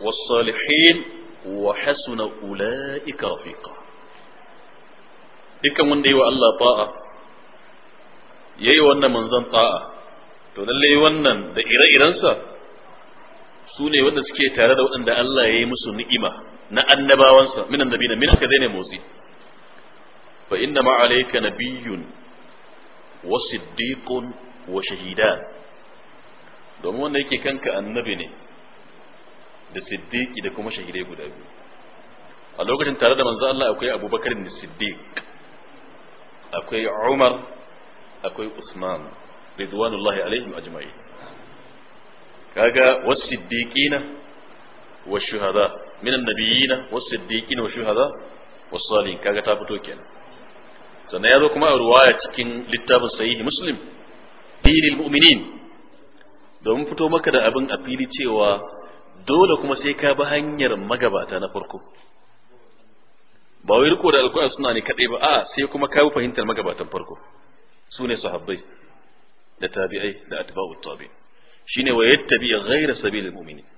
was-salihin wa hasuna ulaika rafiqa dukkan wanda yi wa Allah ta'a yayi wannan manzon ta'a to lallai wannan da ire-irensa su ne wanda suke tare da waɗanda Allah ya yi musu ni'ima na annabawansa minan nabina min haka ne motsi fa inna ma nabiyyun wa siddiqun wa shahidan domin wanda yake kanka annabi ne da siddiqi da kuma shahidai guda biyu a lokacin tare da manzo Allah akwai Abubakar da siddiq akwai Umar akwai Usman ridwanullahi alaihim ajma'i kaga wasiddiqina washuhada minan nabiyina wasiddiqina washuhada wasalihin kaga ta kenan sannan ya zo kuma a ruwaya cikin littafin sahihi muslim dinil mu'minin domin fito maka da abin a fili cewa dole kuma sai ka bi hanyar magabata na farko ba wai riko da alkuwa suna ne kadai ba a sai kuma ka bi fahimtar magabatan farko su ne sahabbai da tabi'ai da atba'u tabi shine wa yattabi ghayra sabilil mu'minin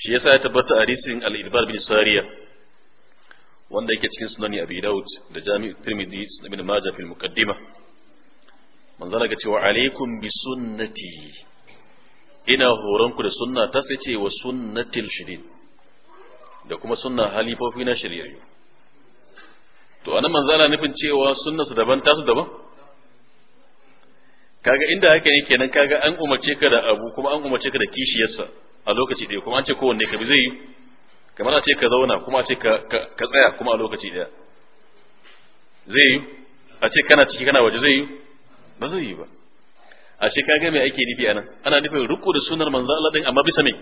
shi yasa ya tabbata a risin al-idbar bin sariya wanda yake cikin sunani abi daud da jami'u tirmidhi da ibn majah fil muqaddima manzala ga cewa alaikum bi sunnati ina horonku da sunna ta sai ce wa sunnatil shirin da kuma sunna halifofi na shirye to anan manzala nufin cewa sunnarsu daban tasu daban kaga inda haka ne kenan kaga an umarce ka da abu kuma an umarce ka da kishiyarsa a lokaci ɗaya kuma an ce kowanne ka bi zai yi kamar a ce ka zauna kuma a ce ka tsaya kuma a lokaci ɗaya zai yi a ce kana ciki kana waje zai yi ba zai yi ba a ce kaga me ake nufi anan ana nufin riko da sunar manzo Allah din amma bisa me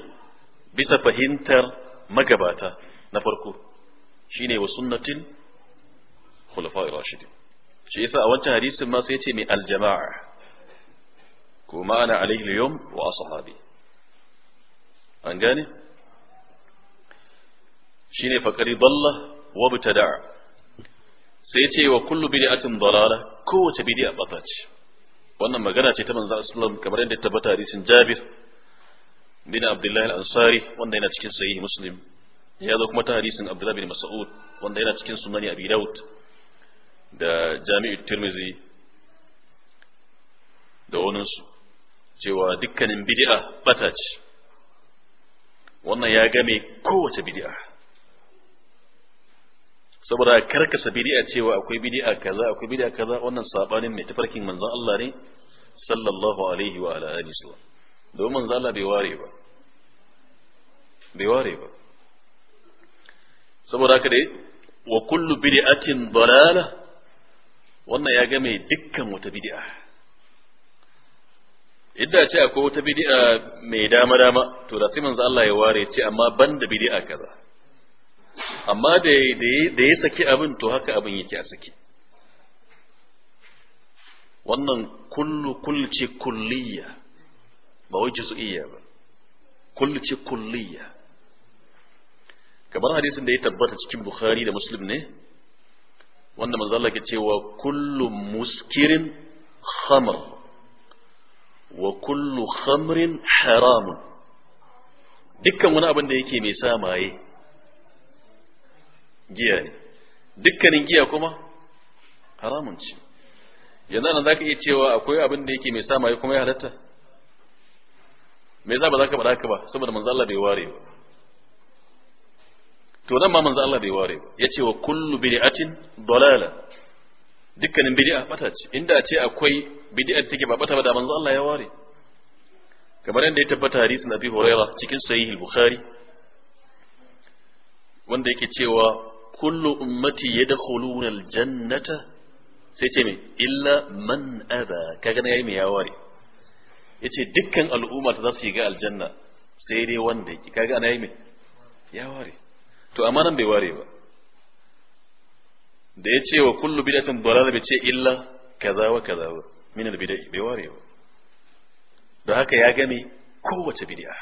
bisa fahimtar magabata na farko shine wa sunnatin khulafa'ir rashidin shi yasa a wancan hadisin ma sai ya ce mai aljama'a kuma ana alaihi liyom wa ashabi an gane shine faqari dalla wa btada sai ce wa kullu bid'atin dalala kowace bid'a bata ce wannan magana ce ta banza sallallahu kamar yadda ta tabbata hadisin Jabir bin Abdullah al-Ansari wanda yana cikin sahihi Muslim ya zo kuma ta hadisin bin Mas'ud wanda yana cikin sunani Abi da Jami'u Tirmidhi da wani cewa dukkanin bidi'a bata ce wannan ya game kowace bidi'a saboda karkasa bidi'a cewa akwai bidi'a kaza akwai bidi'a kaza wannan sabanin mai tafarkin manzon Allah ne sallallahu alaihi wa ala alihi wasallam domin manzon Allah bai ware ba bai ware ba saboda haka dai wa kullu bid'atin dalala wannan ya game dukkan wata bidi'a. idda ce akwai wata bid'a mai dama dama to da sai manzo Allah ya ware ce amma ban da bid'a kaza amma da da ya saki abin to haka abin yake a saki wannan kullu kullu ce kulliya ba wai juz'iyya ba kullu ce kulliya kamar hadisin da ya tabbata cikin bukhari da muslim ne wanda manzo Allah ke cewa kullu muskirin khamr wa kullu khamrin haramun dukkan wani abin da yake mai sa maye giya ne dukkanin giya kuma haramun ce yanzu nan zaka iya cewa akwai abin da yake mai sa maye kuma ya halatta me za ba za ka ba ka ba saboda manzo Allah bai ware ba to nan ma manzo Allah bai ware ba yace wa kullu bid'atin dalala dukkanin bid'a bata ce inda ce akwai bid'ar take ba bata ba da manzo Allah ya ware kamar yadda ya tabbata hadisin Abi Huraira cikin sahih al-Bukhari wanda yake cewa kullu ummati yadkhuluna al-jannata sai ce me illa man aba kaga na yayi me ya ware yace dukkan al'umma ta za su yi ga aljanna sai dai wanda yake kaga na yayi me ya ware to amma nan bai ware ba da ya ce wa kullu bid'atin dalala bi ce illa kaza wa kaza ba min al bid'i bai ware ba don haka ya gane kowace bid'a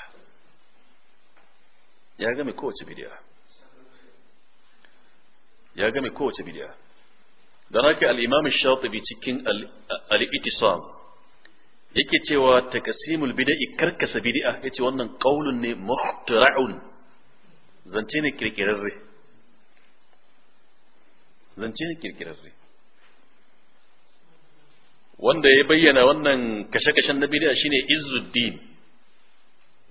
ya gane kowace bid'a ya gane kowace bid'a don haka al imam shatibi cikin al ittisam yake cewa takasimul bid'i karkasa bid'a yace wannan qaulun ne muhtara'un zance ne kirkirarre zance ne kirkirarre wanda ya bayyana wannan kashe-kashen na bid'a shine Izzuddin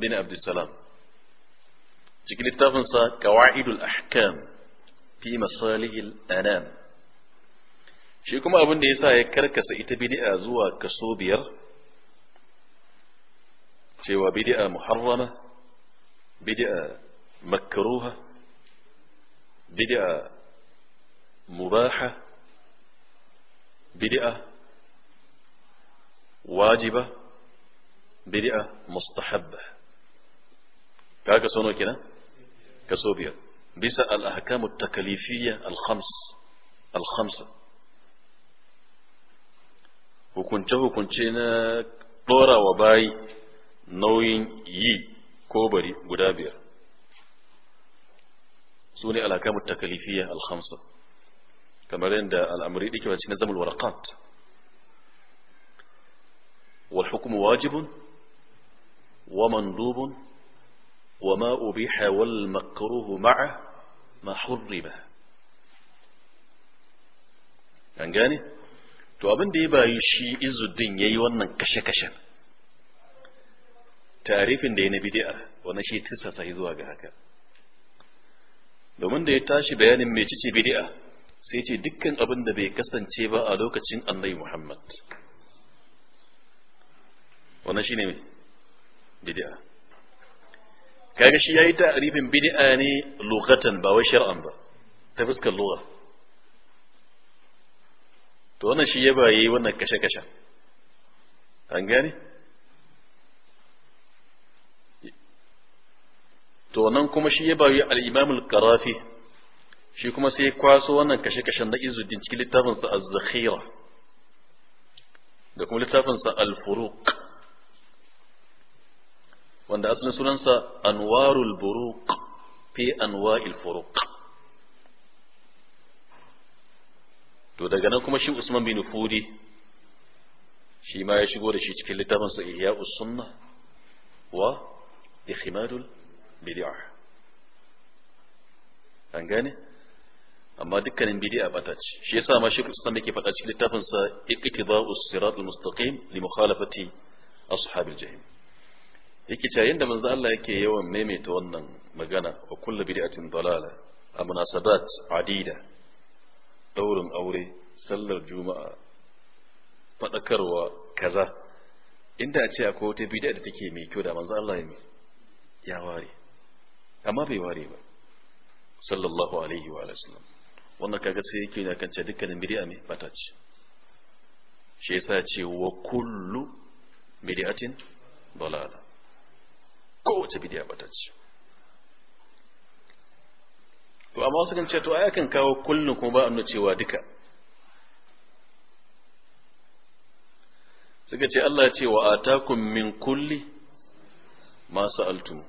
bin Abdussalam cikin littafinsa Qawaidul Ahkam fi Masalihil Anam shi kuma abin da yasa ya karkasa ita bid'a zuwa kaso biyar cewa bid'a muharrama bid'a makruha bid'a مباحة بدئة واجبة بدئة مستحبة كاكا سونو كنا كسوبيا بس الأحكام التكاليفية الخمس الخمسة وكنت وكنت هنا طورا وباي نوين يي كوبري غدابير سوني الأحكام التكاليفية الخمسة kamar yadda al'amari ɗike ba zama zamul warakat wal hukumu wajibun wa mandubun wa ma ubiha wal ma'a ma hurrima an gane to abin da ya bayu shi izuddin yi wannan kashe-kashen tarifin da ya na bidi'a wannan shi tirsasa zuwa ga haka domin da ya tashi bayanin mecece bidi'a. sai ce dukkan abin da bai kasance ba a lokacin annabi Muhammad wannan shine bid'a kaga shi yayi ta arifin bid'a ne lughatan ba wai shar'an ba ta fuskar lugha to wannan shi ya baye wannan kashe kashe an gane to nan kuma shi ya baye al-imam al-qarafi shi kuma sai kwaso wannan kashe-kashen na izuddin cikin littafinsa az-zakhira da kuma littafinsa al-furuq wanda asalin sunansa anwarul buruq fi anwa'il furuq to daga nan kuma shi Usman bin Fudi shi ma ya shigo da shi cikin littafinsa Ihya'us Sunnah wa ikhmadul Bid'ah an gane amma dukkanin bid'a bata ce shi yasa ma shekul islam yake faɗa cikin littafin sa iqtida'u siratul al-mustaqim li mukhalafati ashabil jahim yake cewa yanda manzo Allah yake yawan maimaita wannan magana wa kullu bid'atin dalala a munasabat adida daurin aure sallar juma'a faɗakarwa kaza inda a ce akwai wata bid'a da take mai kyau da manzo Allah ya ware amma bai ware ba sallallahu alaihi wa sallam wannan kaga sai yake na kance dukkanin miriya ne bata ci shi yasa ce wa kullu bid'atin dalala kowace bid'a bata ci to amma wasu kan ce to aya kan kawo kullu kuma ba annu cewa duka suka ce Allah ce wa atakum min kulli ma sa'altum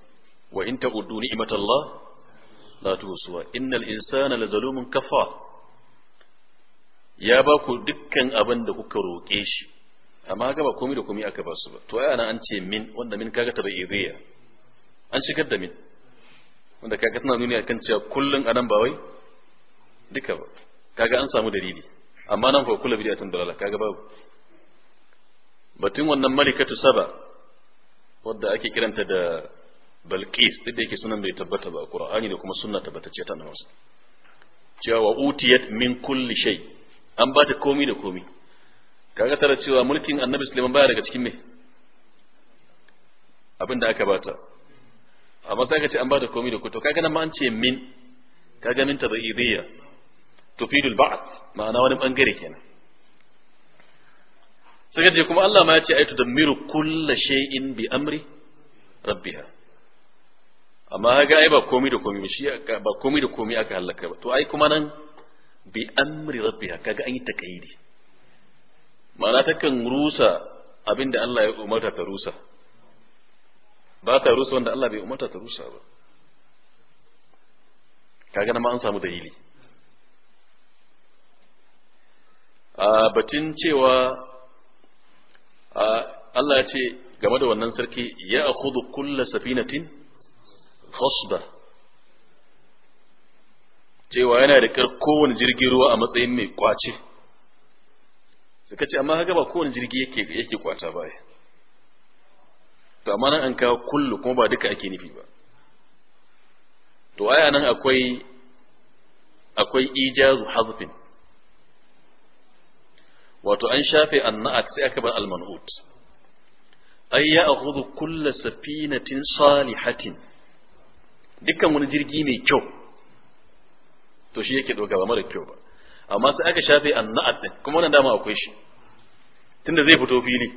wa in ta'uddu ni'matallah la tuhsuha innal insana lazalumun kafa ya ba ku dukkan abin da kuka roƙe shi amma ga ba komai da komai aka ba su ba to ayana an ce min wanda min kaga ta bai tabaidiyya an shigar da min wanda kaga tana nuni akan cewa kullun anan ba wai duka ba kaga an samu dalili amma nan fa kullu bid'atun dalala kaga babu batun wannan malikatu saba wadda ake kiranta da balqis duk da yake sunan bai tabbata ba qur'ani da kuma sunna tabbatacce ta nan cewa wa utiyat min kulli shay an ba ta komi da komi kaga tara cewa mulkin annabi Sulaiman baya daga cikin me abin da aka bata amma sai ka ce an ba ta komi da komi to kaga nan ma an ce min kaga min tadhiyya tufidul ba'd ma'ana wani bangare kenan sai ka ce kuma Allah ma ya ce aitu damiru kulla shay'in bi amri rabbiha amma ga ai ba komai da komai shi ba komai da komai aka halaka ba to ai kuma nan bi amri rabbiha kaga an yi takaidi ma'ana takan rusa abinda Allah ya umarta ta rusa ba ta rusa wanda Allah bai umarta ta rusa ba kaga nan ma an samu dalili a batun cewa Allah ya ce game da wannan sarki ya akhudhu kullu safinatin fasbir cewa yana da kar kowane jirgin ruwa a matsayin mai kwace sai ce amma haka ba kowane jirgi yake yake kwata ba to amma nan an kawo kullu kuma ba duka ake nufi ba to aya nan akwai akwai ijazu hazfin wato an shafe annat sai aka bar alman'ut ay ya'khudhu kull safinatin salihatin dukkan wani jirgi mai kyau to shi yake doka ba mara kyau ba amma sai aka shafe anna'at din kuma wannan dama akwai shi tunda zai fito fili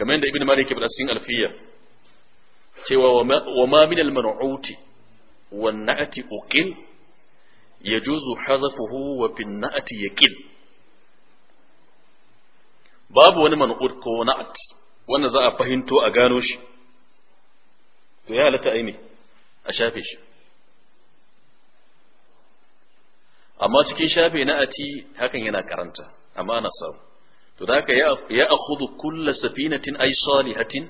kamar yadda ibnu malik ibn asin alfiya cewa wa ma min al-man'uti wan na'ati uqil yajuzu hazafuhu wa fi na'ati yaqil babu wani man'ut ko na'at wanda za a fahimto a gano shi to ya halatta aini a shafe shi amma cikin shafe na ati hakan yana karanta amma ana samu to da haka ya akhudhu kulla safinatin ay salihatin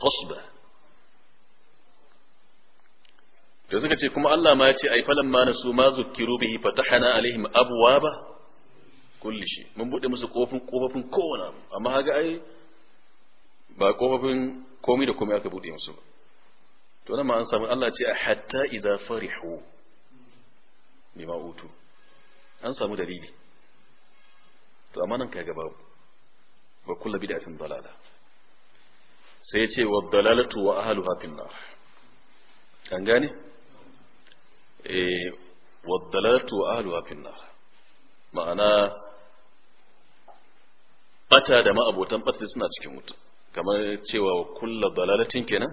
ghasba da suka ce kuma Allah ma ya ce ai falan ma nasu ma zukkiru bihi fatahana alaihim abwaba kulli shi mun bude musu kofin kofofin kowane amma haga ai ba kofofin komai da komai aka bude musu ba to nan ma an samu Allah ce a hatta idza farihu bima utu an samu dalili to amma nan kaga babu wa kullu bid'atin dalala sai ce wa dalalatu wa ahluha fin nar kan gane eh wa dalalatu wa ahluha fin nar ma'ana bata da ma'abotan bata suna cikin wuta kamar cewa wa kullu dalalatin kenan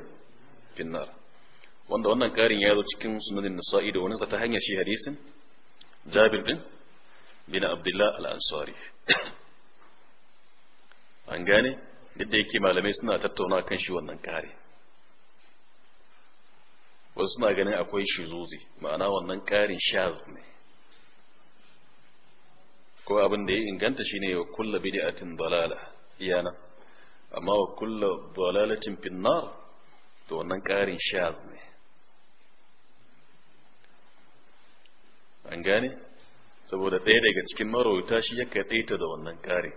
fin nar wanda wannan karin ya zo cikin sunanin nasa'i da waninsa ta hanyar shi hadisin jabir bin bin abdullah al-ansari an gane duk da yake malamai suna tattauna kan shi wannan kare wasu suna ganin akwai zuzi, ma'ana wannan karin shaz ne ko abin da ya inganta shine wa kulla bid'atin dalala iyana amma wa kulla dalalatin finnar to wannan karin shaz an gane saboda ɗaya daga cikin marauta shi ya kaɗaita da wannan ƙari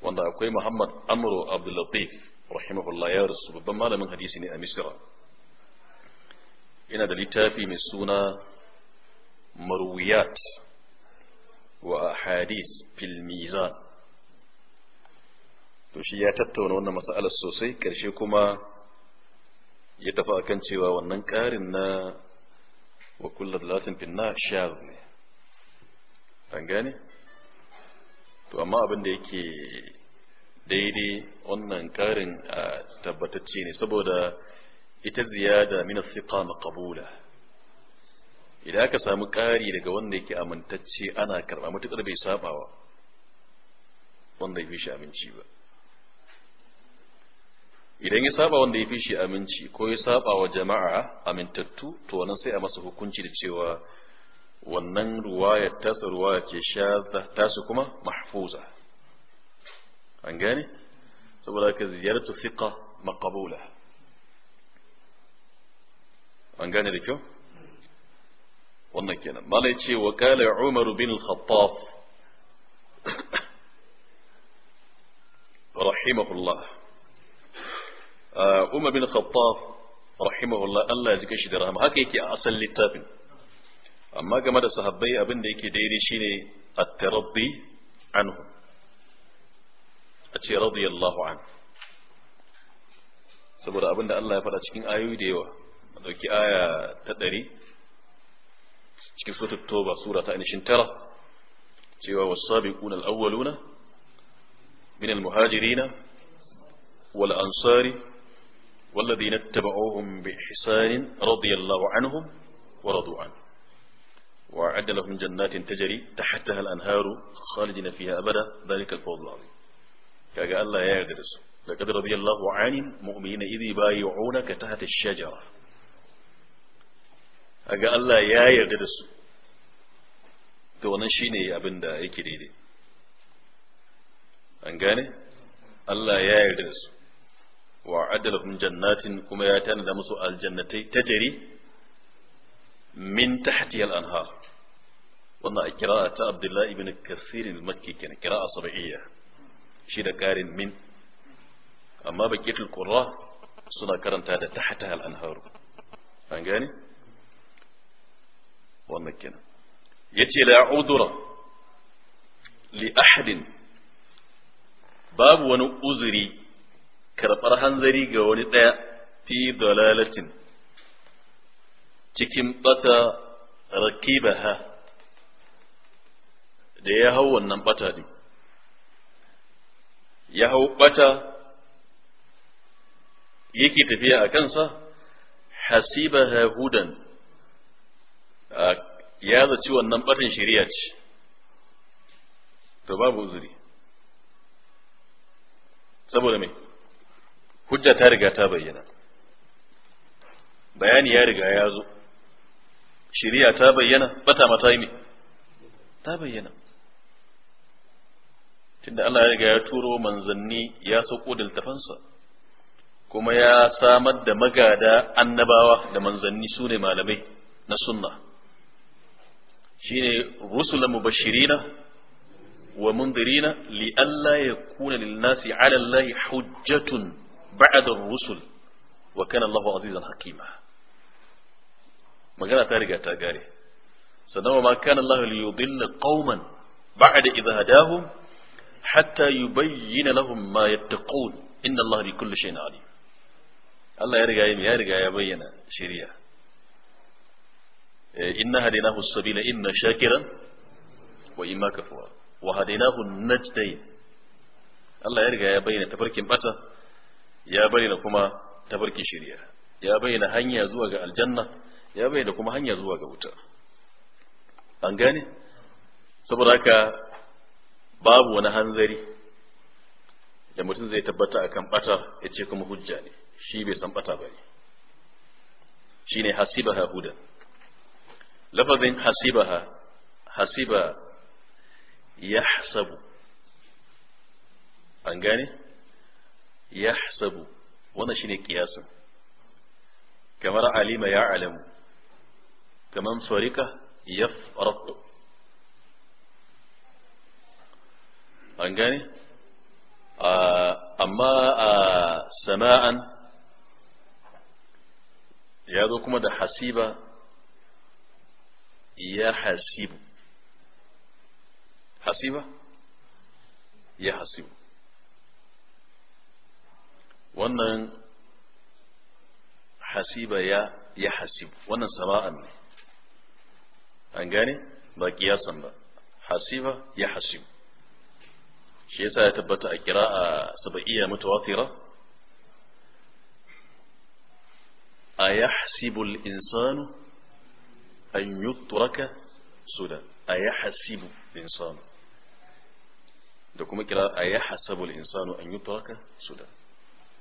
wanda akwai muhammad amro abdullatif rahimahullah ya rasu babban malamin hadisi ne a misira yana da littafi mai suna marwiyat wa hadis fil mizan to shi ya tattauna wannan mas'alar sosai ƙarshe kuma ya tafi akan cewa wannan ƙarin na wa kullu dalatin fi ne to amma abin da yake daidai wannan karin tabbatacce ne saboda ita ziyada mina as-siqa maqbula idan aka samu ƙari daga wanda yake amintacce ana karɓa matuƙar bai sabawa wanda ya fi shi aminci ba idan ya saba wanda ya fi shi aminci ko ya saba wa jama'a amintattu to wannan sai a masa hukunci da cewa wannan ruwaya tasa ruwaya ce shadda ta su kuma mahfuza an gane saboda ka ziyartu fiqa maqbula an gane da kyau wannan kenan malai ce wa kala umar bin al-khattab rahimahullah umar bin khattab rahimahullah Allah ya ji shi da rahama haka yake a asalin littafin amma game da sahabbai abin da yake daidai shine at-taraddi anhu a ce radiyallahu an saboda abin da Allah ya faɗa cikin ayoyi da yawa a ɗauki aya ta ɗari cikin suratul toba sura ta ainihin tara cewa wasabiquna al-awwaluna min al-muhajirina wal ansari والذين اتبعوهم بإحسان رضي الله عنهم ورضوا عنه وأعد لهم جنات تجري تحتها الأنهار خالدين فيها أبدا ذلك الفضل العظيم قال الله يا درس لقد رضي الله عن المؤمنين إذ يبايعونك تحت الشجرة أجا الله يا درس to wannan shine abin da yake daidai an gane يا ya wa adalahum jannatin kuma ya tanada musu aljannatai tajri min tahtiha al-anhar wannan a kira'a ta Abdullahi ibn Kathir al-Makki kenan kira'a sab'iyya shi da karin min amma baqiyatul qurra suna karanta da tahtaha al-anhar an gane wannan kenan yace la udura li ahadin babu wani uzuri karɓar hanzari ga wani ɗaya fi dalalatin cikin bata rakibaha da ya hau wannan bata ne ya hau bata yake tafiya a kansa hasibaha hudan ya zaci wannan batan shari'a ce to babu uzuri saboda mai hujja ta riga ta bayyana bayani ya riga ya zo shiriya ta bayyana bata mata yi ta bayyana tunda Allah ya riga ya turo manzanni ya sauko da kuma ya samar da magada annabawa da manzanni su ne malamai na sunna shine rusulan mubashirina wa mundirina Li'alla ya kuna lin nasi ala allahi hujjatun بعد الرسل وكان الله عزيزا حكيما ما كان تارجع تاجاري سنو ما كان الله ليضل قوما بعد إذا هداهم حتى يبين لهم ما يتقون إن الله لكل شيء عليم الله يرجع يرجع يبين شريعة إن هديناه السبيل إما شاكرا وإما كفورا وهديناه النجدين الله يرجع يبين تبركين بطه ya bayyana kuma tabarki shirya ya bayyana hanya zuwa ga aljanna ya bayyana kuma hanya zuwa ga wuta an gane saboda haka babu wani hanzari da mutum zai tabbata a kan bata ya ce kuma hujja ne shi bai san bata ba ne shi ne hasiba ha hudan lafazin ha hasiba hasabu an gane yahsabu wannan shine kiyasin kamar alima ya alamu kamar sarika yafraq an gane amma a sama'an ya zo kuma da hasiba ya hasibu hasiba ya hasibu wannan hasiba ya ya hasib wannan sama'an ne an gane ba kiyasan ba hasiba ya hasib shi yasa ya tabbata a kira'a saba'iyya mutawatira a yahsibu al-insanu an yutraka suda a yahsibu al-insanu da kuma kira a yahsabu al-insanu an yutraka suda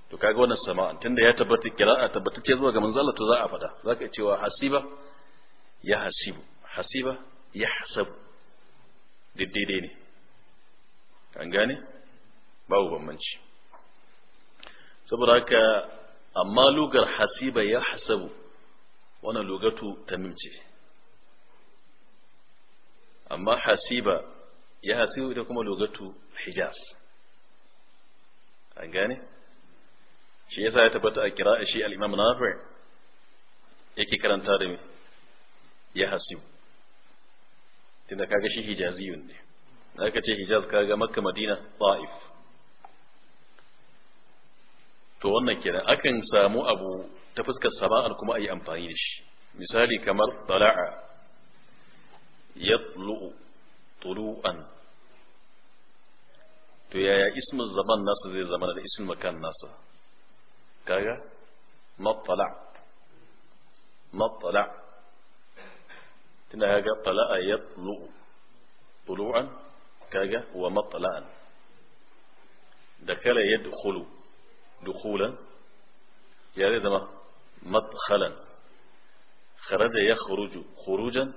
to kaga wannan sama'an tunda ya tabbata kira'a ce zuwa ga manzo Allah to za a fada zaka cewa hasiba ya hasibu hasiba ya hasabu daidai ne an gane babu bambanci saboda haka amma lugar hasiba ya hasabu wannan lugatu ta ce amma hasiba ya hasibu ita kuma lugatu hijaz an gane shi yasa ya tabbata a kira shi al-imam nafi yake karanta da ya hasibu tunda kaga shi hijazi ne aka ce hijaz kaga makka madina ta'if to wannan kenan akan samu abu ta fuskar sama'an kuma ayi amfani da shi misali kamar tala'a yatlu'u tulu'an to yaya ismin zaman nasa zai zama da ismin makan nasa الحكاية ما اطلع ما اطلع إنها طلاء يطلع طلوعا كاجة اطلع دخل يدخل دخولا يا ريت مدخلا خرج يخرج خروجا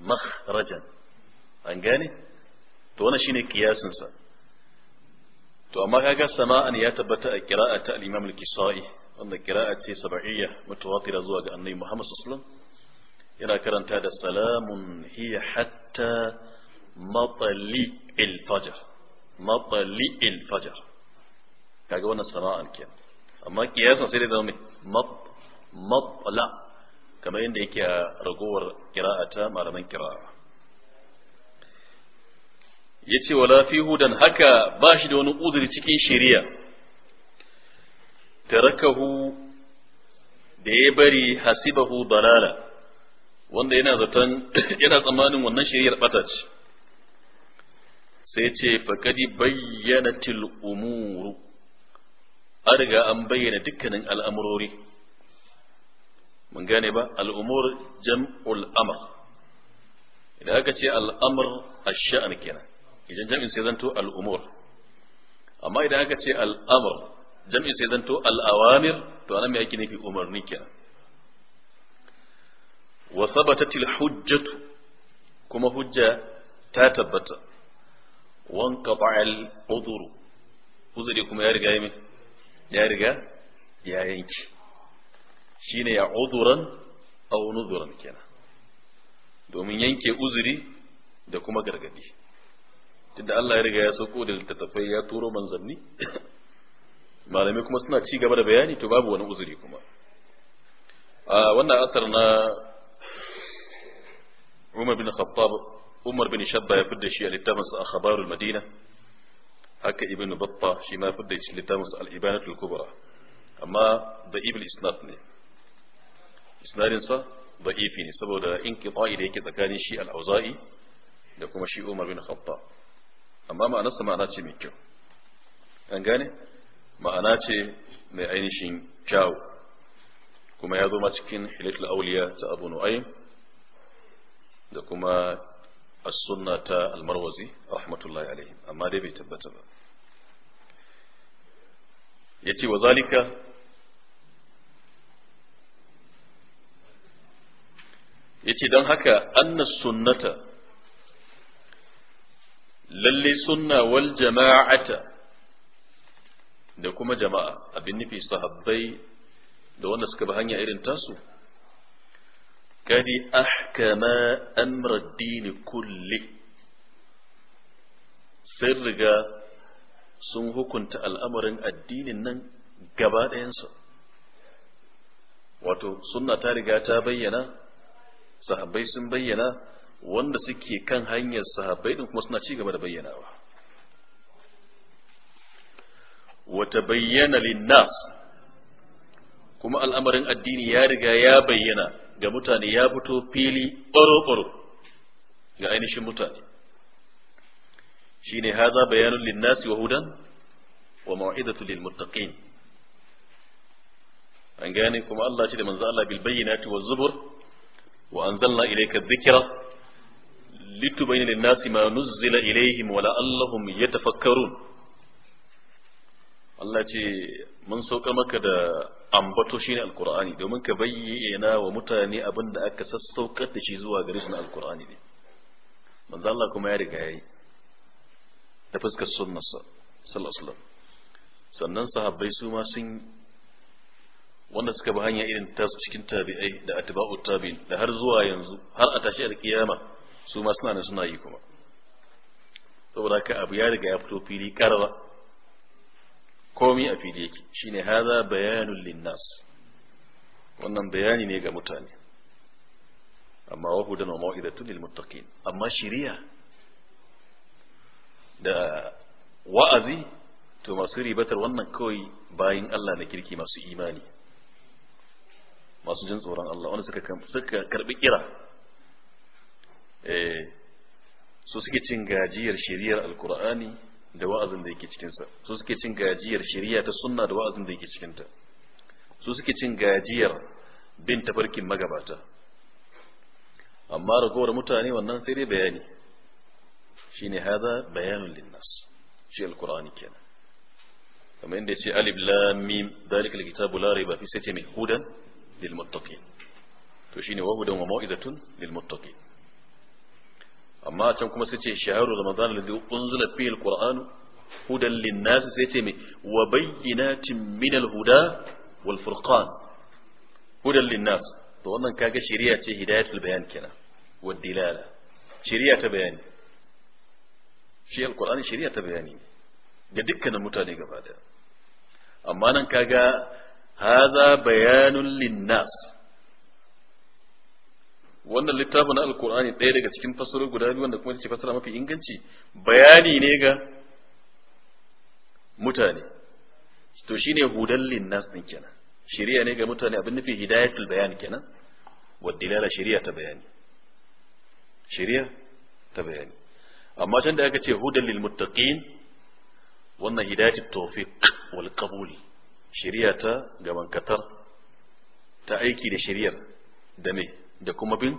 مخرجا انجاني gane to wannan to amma kaga sama'an ya tabbata a qira'a ta al-Imam al-Kisai wanda qira'a ce sab'iyya mutawatira zuwa ga Annabi Muhammad sallallahu alaihi wasallam yana karanta da salamun hiya hatta matali al-fajr matali al-fajr kaga wannan sama'an kenan amma kiyasan sai da zama mat matla kamar yadda yake a ragowar qira'a ta malaman qira'a yace wala fi hudan haka ba shi da wani uzuri cikin shari'a tarakahu da ya bari hasibahu dalala wanda yana zaton yana tsammanin wannan shari'ar bata ce sai ce faqadi bayyanatil umuru an riga an bayyana dukkanin al'amurori mun gane ba al'umur jam'ul amr idan aka ce al'amr ash-sha'n kenan idan jam'in sai zanto al'umur amma idan aka ce al'amur jam'in sai zanto al'awamir to anan mai ake nufi umarni kenan wa sabatatil hujjatu kuma hujja ta tabbata wan qata'al udhuru uzuri kuma ya riga ya riga ya yanki shine ya uduran aw nuzuran kenan domin yanke uzuri da kuma gargadi tunda Allah ya riga ya sauko da littattafai ya turo manzanni malamai kuma suna ci gaba da bayani to babu wani uzuri kuma a wannan asar na Umar bin Khattab Umar bin Shabba ya fidda shi a littafinsa Akhbarul Madina haka Ibn Battah shi ma fidda shi littafinsa Al-Ibanatul Kubra amma da Ibn Isnad ne isnadin sa da ne saboda inqita'i da yake tsakanin shi al awzai da kuma shi Umar bin Khattab amma ma'anarsa ma'ana ce mai kyau an gane ma'ana ce mai ainihin kyau kuma ya zo ma cikin hilatul auliya ta abu nu'aym da kuma as-sunna ta al-marwazi rahmatullahi alaihi amma dai bai tabbata ba yace wa zalika yace dan haka anna sunnata lalle sunna wal jama'ata da kuma jama'a abin nufi sahabbai da wanda suka bi hanya irin tasu kadi ahkama amra dini kulli sai riga sun hukunta al'amarin addinin nan gaba ɗayansa wato sunna ta riga ta bayyana sahabbai sun bayyana wanda suke kan hanyar sahabbai din kuma suna ci gaba da bayyanawa wata bayyana linnas kuma al'amarin addini ya riga ya bayyana ga mutane ya fito fili ɓaro-ɓaro ga ainihin mutane shine haza bayanun linnasi wa hudan wa mau'izatu lil muttaqin an gane kuma Allah ce da manzo Allah bil bayyinati wa zubur wa anzalna ilayka dhikra litubayyana lin-nasi ma nuzzila ilaihim wala wa la'allahum yatafakkarun Allah ce mun sauka maka da ambato shine alqur'ani domin ka bayyana wa mutane abin da aka sassaukar dashi shi zuwa gare su na alqur'ani ne manzo Allah kuma ya riga yayi da fuskar sunnarsa sallallahu alaihi sannan sahabbai su ma sun wanda suka bi hanya irin tasu cikin tabi'ai da atba'u tabi'in da har zuwa yanzu har a tashi al-kiyama. su ma suna suna yi kuma saboda ka abu ya riga ya fito fili karara komi a fili yake shine haza bayanul linnas wannan bayani ne ga mutane amma wa hudan wa mau'izatul lil muttaqin amma shiriya da wa'azi to masu ribatar wannan kawai bayan Allah na kirki masu imani masu jin tsoron Allah wanda suka suka karbi kira su suke cin gajiyar shiriyar alkur'ani da wa'azin da yake cikinsa su suke cin gajiyar shari'a ta sunna da wa'azin da yake cikinta su suke cin gajiyar bin tafarkin magabata amma ragowar mutane wannan sai dai bayani shine hada bayanun linnas shi alkur'ani kenan kamar inda ce alif lam mim dalikal kitabu la raiba fi sai ce min hudan lil to shine wa hudan wa mau'izatun lil amma can kuma sai ce shaharu ramadan alladhi unzila fihi alqur'anu hudan linnas sai ce me wa bayyinatin min huda? wal furqan hudan linnas to wannan kaga shari'a ce hidayatul bayan kenan wad dilala shari'a ta bayani shi alqur'ani shari'a ta bayani ga dukkanin mutane gaba daya amma nan kaga hadha bayanun linnas wannan littafin na alkur'ani ɗaya daga cikin fasarar guda biyu wanda kuma ce fasara mafi inganci bayani ne ga mutane to shine hudan linnas din kenan shari'a ne ga mutane abin nufi hidayatul bayan kenan waddilala shari'a ta bayani shari'a ta bayani amma can da aka ce hudan lil muttaqin wannan hidayatul tawfiq wal qabul shari'a ta gaban katar ta aiki da shari'ar da me da kuma bin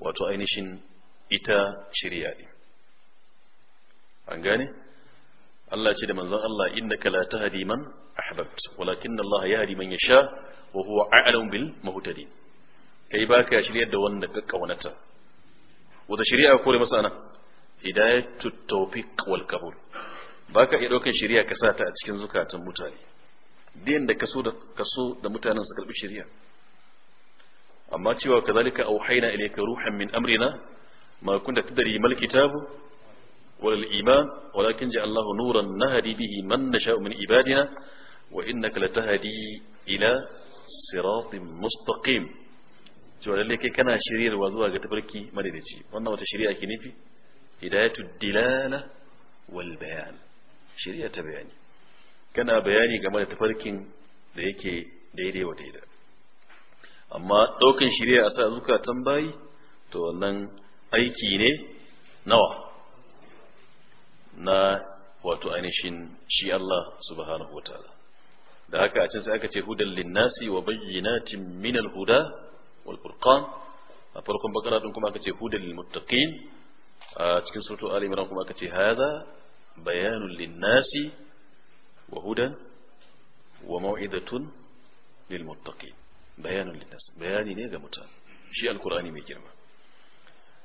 wato ainihin ita shirya ne an gane Allah ce da manzon Allah innaka la tahdi man ahbabt walakin Allah yahdi man yasha wa huwa a'lamu bil muhtadin kai baka shiryar da wanda ka kaunata wata shari'a ko da masana hidayatu tawfiq wal qabul baka iya daukar shari'a ka sa ta a cikin zukatan mutane din da kaso da kaso da mutanen su karbi shari'a amma cewa kazalika auhayna ilayka ruhan min amrina ma kunta tadri mal kitabu wal iman walakin ja Allahu nuran nahdi bihi man nasha min ibadina wa innaka latahdi ila siratin mustaqim cewa lalle kai kana shiryarwa zuwa ga tafarki madadaci wannan wata shari'a ke nufi hidayatu dilala wal bayan shari'a ta bayani kana bayani game da tafarkin da yake daidai wa daidai amma ɗaukan shirya a sa zukatan bayi to wannan aiki ne nawa na wato ainihin shi Allah subhanahu wa ta'ala da haka a can sai aka ce hudan linnasi wa bayyinatin min huda wal furqan a farkon bakara din kuma aka ce hudan lil muttaqin a cikin suratu ali imran kuma aka ce hadha bayanun linnasi wa hudan wa mau'izatun lil muttaqin Bayanan linnas bayani ne ga mutane shi alkur'ani mai girma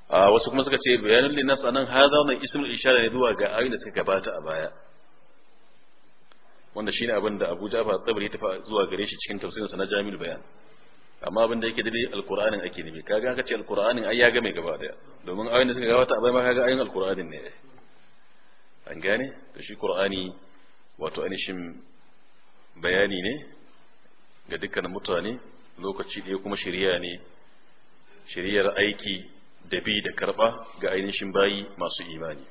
a wasu kuma suka ce bayanun linnas anan hada wannan ismul ishara ne zuwa ga ayin da suka gabata a baya wanda shine abin da Abu Ja'far Tabari ta zuwa gare shi cikin tafsirin sa na Jamil Bayan amma abin da yake dai alkur'anin ake nufi kaga aka ce alkur'anin ai ya ga mai gaba daya domin ayin da suka gabata a baya ma kaga ayin alkur'anin ne an gane da shi qur'ani wato ainihin bayani ne ga dukkanin mutane lokaci ɗaya kuma shirya ne shiryar aiki da bi da karɓa ga ainihin bayi masu imani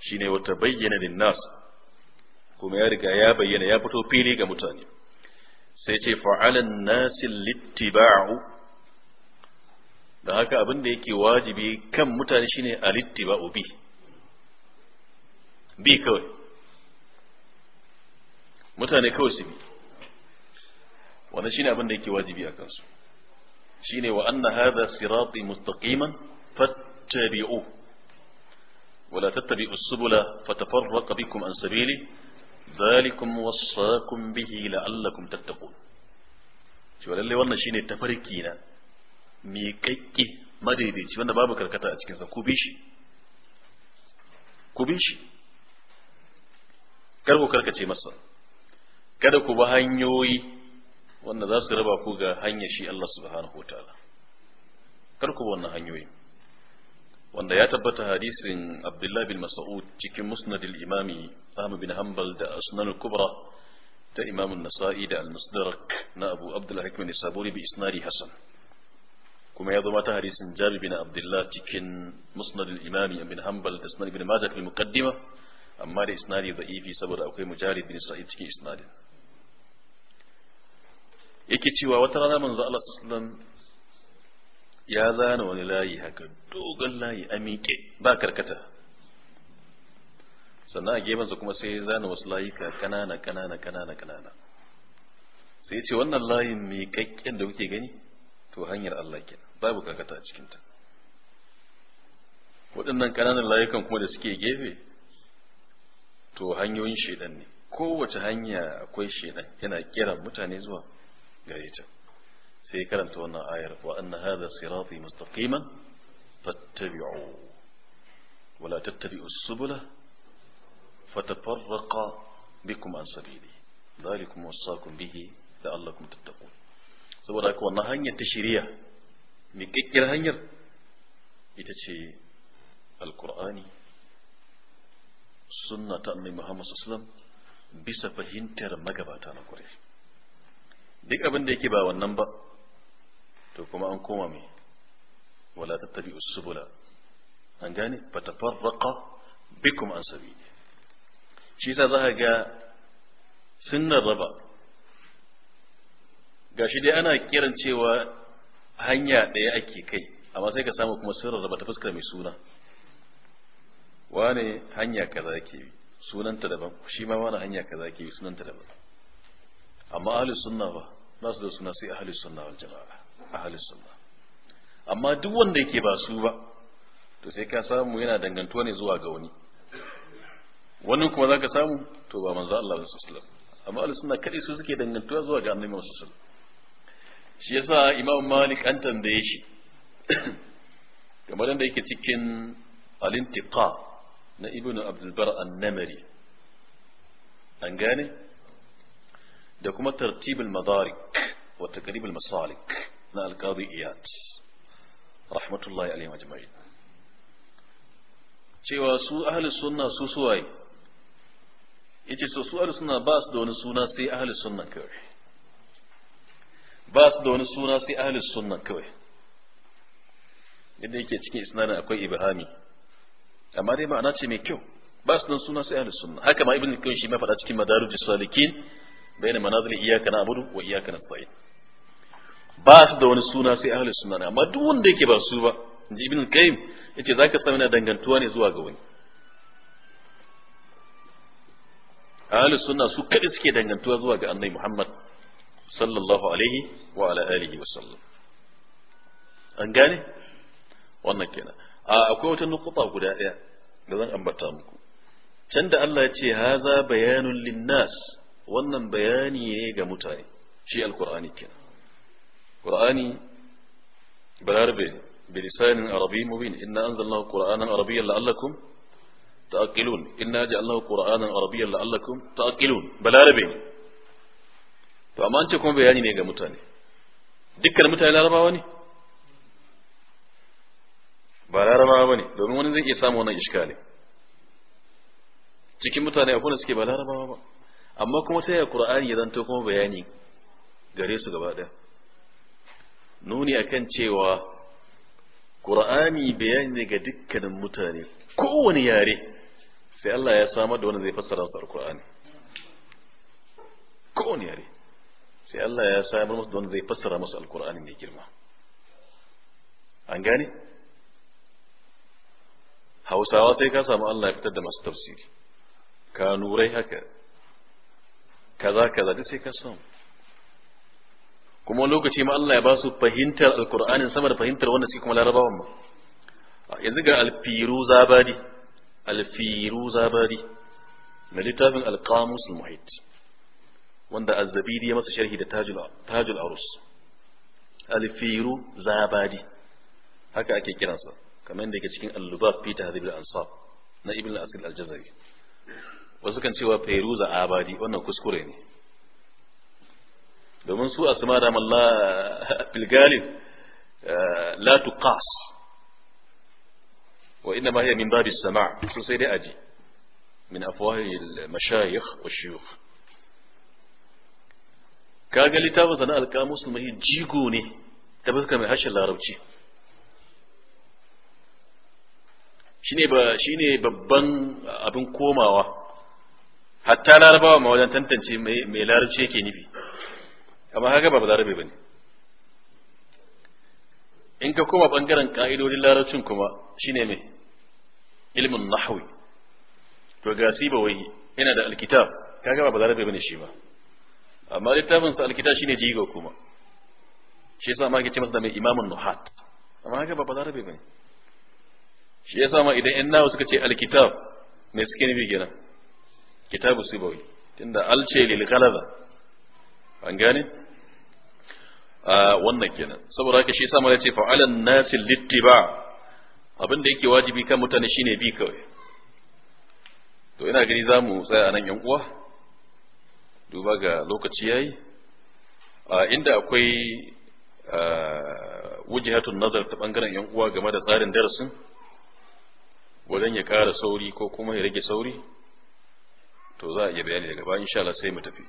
Shi ne wata bayyana nas? kuma ya riga ya bayyana ya fito fili ga mutane sai ce fa'alan nasin littiba'u da haka abin da yake wajibi kan mutane shine a littiba'u bi bi kawai mutane kawai su bi wannan shine abin da yake wajibi a kansu shine wa anna hadha sirati mustaqiman fattabi'u wa la tattabi'u subula fatafarraqa bikum an sabili dhalikum wassakum bihi la'allakum tattaqun cewa lalle wannan shine tafarki na miƙaƙƙi madaidaici wanda babu karkata a cikinsa ku bi shi ku bi masa kada ku bi hanyoyi wanda za su raba ku ga hanyar shi Allah subhanahu wataala kar ku wannan hanyoyi wanda ya tabbata hadisin Abdullah bin Mas'ud cikin Musnad al-Imami Ahmad bin Hanbal da Asnan al-Kubra ta Imam an-Nasa'i da al-Musdarak na Abu Abdullah Hakim an-Saburi bi isnadi Hasan kuma ya zama ta hadisin Jabir bin Abdullah cikin Musnad al-Imami bin Hanbal da Sunan bin Majah fil muqaddima amma da isnadi da'ifi saboda akwai Mujarid bin Sa'id cikin isnadin yake cewa wata rana manzo Allah sallallahu ya zana wani layi haka dogon layi a miƙe ba karkata sannan a gefensa kuma sai ya zana wasu layuka kanana kanana kanana kanana sai ya ce wannan layin miƙaƙƙen da kuke gani to hanyar Allah ke babu karkata a cikinta waɗannan ƙananan layukan kuma da suke gefe to hanyoyin shaidan ne kowace hanya akwai shaidan yana kira mutane zuwa جايجا سي كلام تونا آير وأن هذا صراطي مستقيما فاتبعوا ولا تتبعوا السبل فتفرق بكم عن سبيلي ذلكم وصاكم به لعلكم تتقون سبحان الله وأن هنية تشيرية مكتر هنية يتشي القرآن السنة تأمي محمد صلى الله عليه وسلم بسفهين ترى مقباتان قريش duk abin da yake ba wannan ba to kuma an koma mai wala tattabi usubula an gane fatafarraqa bikum an sabili shi sa za ga sunnar raba gashi dai ana kiran cewa hanya ɗaya ake kai amma sai ka samu kuma sunnar raba ta fuskar mai suna wane hanya kaza ke bi sunanta daban shi ma wani hanya kaza ke bi sunanta daban amma ahlus sunna ba ba su da suna sai ahli sunna wal jama'a ahli sunna amma duk wanda yake ba su ba to sai ka samu yana dangantuwa ne zuwa ga wani wannan kuma za ka samu to ba manzo Allah sallallahu alaihi wasallam amma ahli sunna kadai su suke dangantuwa zuwa ga annabi sallallahu alaihi wasallam shi yasa imam malik an tambaye shi kamar da yake cikin al-intiqa na ibnu abdul bar an-namari an gane da kuma tartibul madarik wa taqribul masalik na alqadi iyad rahmatullahi alaihim ajma'in cewa su ahli sunna su suwaye yace so su ahli sunna ba su da wani suna sai ahli sunna kawai ba su da wani suna sai ahli sunna kawai yadda yake cikin isnadin akwai ibhami amma dai ma'ana ce mai kyau ba su nan suna sai ahli sunna haka ma ibn kayyim shi ma faɗa cikin madarijus salikin bayan manazil iyyaka na'budu wa iyyaka nasta'in ba su da wani suna sai suna ne amma duk wanda yake ba su ba inji ibn qayyim yace zaka samu yana dangantuwa ne zuwa ga wani ahlus suna su kadai suke dangantuwa zuwa ga annabi Muhammad sallallahu alaihi wa ala alihi wa sallam an gane wannan kenan akwai wata nukuta guda ɗaya. da zan ambata muku can da Allah ya ce haza bayanun linnas wannan bayani ne ga mutane shi alkur'ani kenan qur'ani Balarbe. bilisanin arabi mubin inna anzalnahu qur'anan arabiyyan la'allakum ta'qilun inna ja'alnahu qur'anan arabiyyan la'allakum ta'qilun Balarbe. to amma an ce kuma bayani ne ga mutane dukkan mutane larabawa ne ba larabawa bane domin wani zai iya samu wannan iskali cikin mutane akwai da suke ba larabawa ba amma kuma sai alqur'ani ya zanto kuma bayani gare su gaba ɗaya nuni akan cewa qur'ani bayani ne ga dukkanin mutane kowane yare sai Allah ya samar da wanda zai fassara su alqur'ani kowane yare sai Allah ya samar musu da wanda zai fassara musu alqur'ani mai girma an gane hausawa sai ka samu Allah ya fitar da masu tafsiri kanurai haka kaza kaza duk sai ka san, kuma lokaci ma Allah ya ba su fahimtar alkur'anin sama da fahimtar wanda suke kuma larabawan ma yanzu ga alfiru zabari alfiru zabari na littafin alqamus almuhit wanda azzabiri ya masa sharhi da tajul tajul arus alfiru zabadi haka ake kiransa kamar yadda yake cikin allubab fi tahdhib al-ansab na ibn al-asil al-jazari wasu kan cewa feruza abadi wannan kuskure ne domin su asma da malla filgalib eh, la tuqas wa inna ma hiya min babi sama' su sai dai aji min afwahi mashayikh wa shuyukh kaga littafin sana al mai jigo ne ta fuska mai harshen larabci shine ba shine babban abin komawa hatta larabawa ma wajen tantance mai larabci yake nufi amma haka ba larabe ba ne in ka koma bangaren ka'idodin larabcin kuma shine mai ilmin nahwi to ga ba wai yana da alkitab gaba ba larabe ba ne shi ba. amma littafin sa alkitab shine jigo kuma shi yasa ma ke ce masa da mai imamun nuhat amma haka ba larabe ba ne shi yasa ma idan yan nawa suka ce alkitab me suke nufi kenan kitabu sibawi tunda alce lil galaza an gane wannan kenan saboda haka shi yasa mala ce an nas littiba abin da yake wajibi kan mutane shine bi kawai to ina gani zamu tsaya anan yan uwa duba ga lokaci yayi inda akwai wujihatun nazar ta bangaren yan uwa game da tsarin darasin wajen ya kara sauri ko kuma ya rage sauri to za a iya bayani daga baya insha Allah sai mu tafi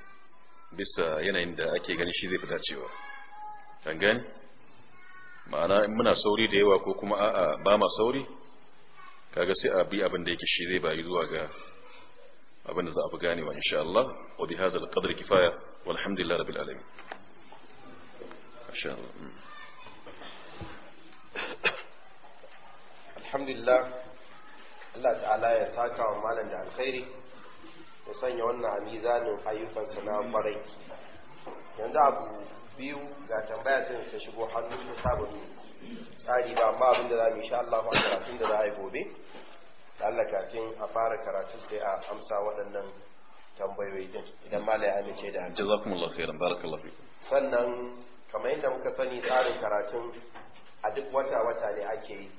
bisa yanayin da ake gani shi zai fi dacewa kan gani ma'ana in muna sauri da yawa ko kuma a'a ba ma sauri kaga sai a bi abin da yake shi zai bayi zuwa ga abin da za a fi ganewa insha Allah wa bi hadha al-qadr kifaya walhamdulillah rabbil alamin insha Allah mm. alhamdulillah Allah ta'ala ya saka wa malam da alkhairi ya sanya wannan a mizanin ayyukansa na kwarai yanzu abu biyu ga tambaya sai ta shigo hannu ta saba ne tsari ba amma abin da za mu yi sha Allah ba karatun da za a yi gobe da Allah kafin a fara karatu sai a amsa waɗannan tambayoyi din idan ma ya amince da hannu jazakumullahu khairan barakallahu fikum sannan kamar yadda muka sani tsarin karatun a duk wata wata ne ake yi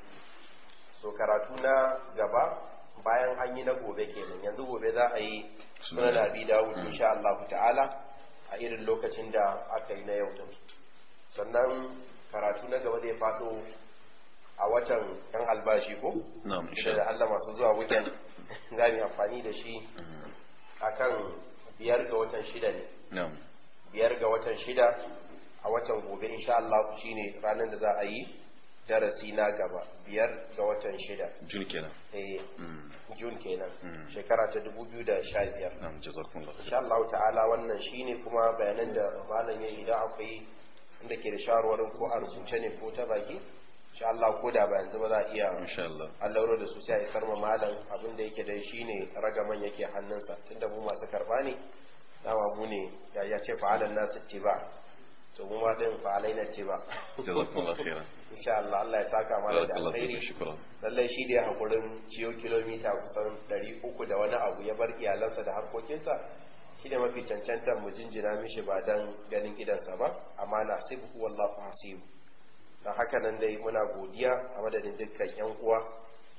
so karatu na gaba bayan an yi na gobe kenan yanzu gobe za a yi sunan abi dawud insha Allah ta'ala a irin lokacin da aka yi na yau din sannan karatu na gaba zai fado a watan yan albashi ko na'am insha Allah masu zuwa wajen za amfani da shi mm-hmm. akan biyar ga watan shida ne biyar ga watan shida a watan gobe insha Allah shine ranar da za a yi darasi na gaba biyar ga watan shida jun kenan eh hmm. jun kenan hmm. shekara ta dubu biyu da sha biyar insha Allah ta'ala wannan shine kuma bayanan da malam ya idan akwai inda ke da shawarwarin ko a rubuce ne ko ta baki insha Allah ko da ba yanzu ba za a iya insha Allah Allah da su sai a isar ma malam abin da yake da shine ragaman yake hannunsa tunda mu masu karba ne dama mu ne ya ce fa'alan nasu ba. to mu ma din fa alaina ce ba jazakumullahu khairan insha Allah Allah ya saka mana da alheri lalle shi da hakurin ciyo kilomita kusan 300 da wani abu ya bar iyalansa da harkokinsa shi ne mafi cancantar mu jinjina mishi ba dan ganin gidansa ba amma na sibu wallahu hasibu Da haka nan dai muna godiya a madadin dukkan yan uwa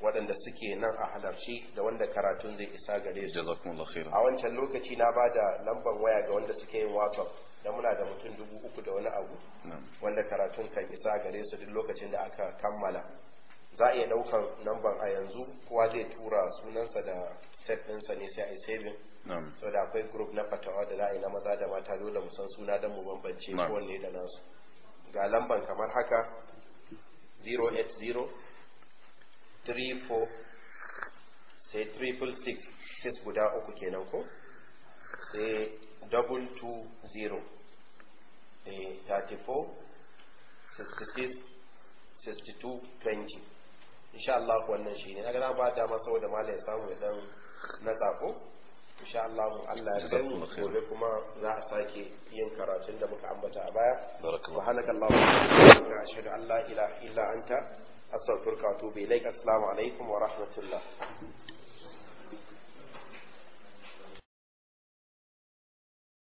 waɗanda suke nan a halarci da wanda karatun zai isa gare su a wancan lokaci na ba da lambar waya ga wanda suke yin whatsapp da muna da mutum dubu uku da wani abu wanda karatun kan isa gare su duk lokacin da aka kammala za a iya daukan namban a yanzu kowa zai tura sunansa da set ɗinsa ne sai a yi saving so da akwai group na fatawa da za a yi na maza da mata dole mu san suna don mu bambance kowanne da nasu ga lamban kamar haka 080 34 sai 7 7 7 uku kenan ko 7 double two zero eh, thirty four sixty six sixty two twenty insha Allah wannan shi ne na gana ba dama saboda malam ya samu ya dan na tsako insha Allah Allah ya kai mu gobe kuma za a sake yin karatun da muka ambata a baya subhanakallahu wa bihamdika ashhadu an la ilaha illa anta astaghfiruka wa atubu ilaik assalamu alaikum wa rahmatullah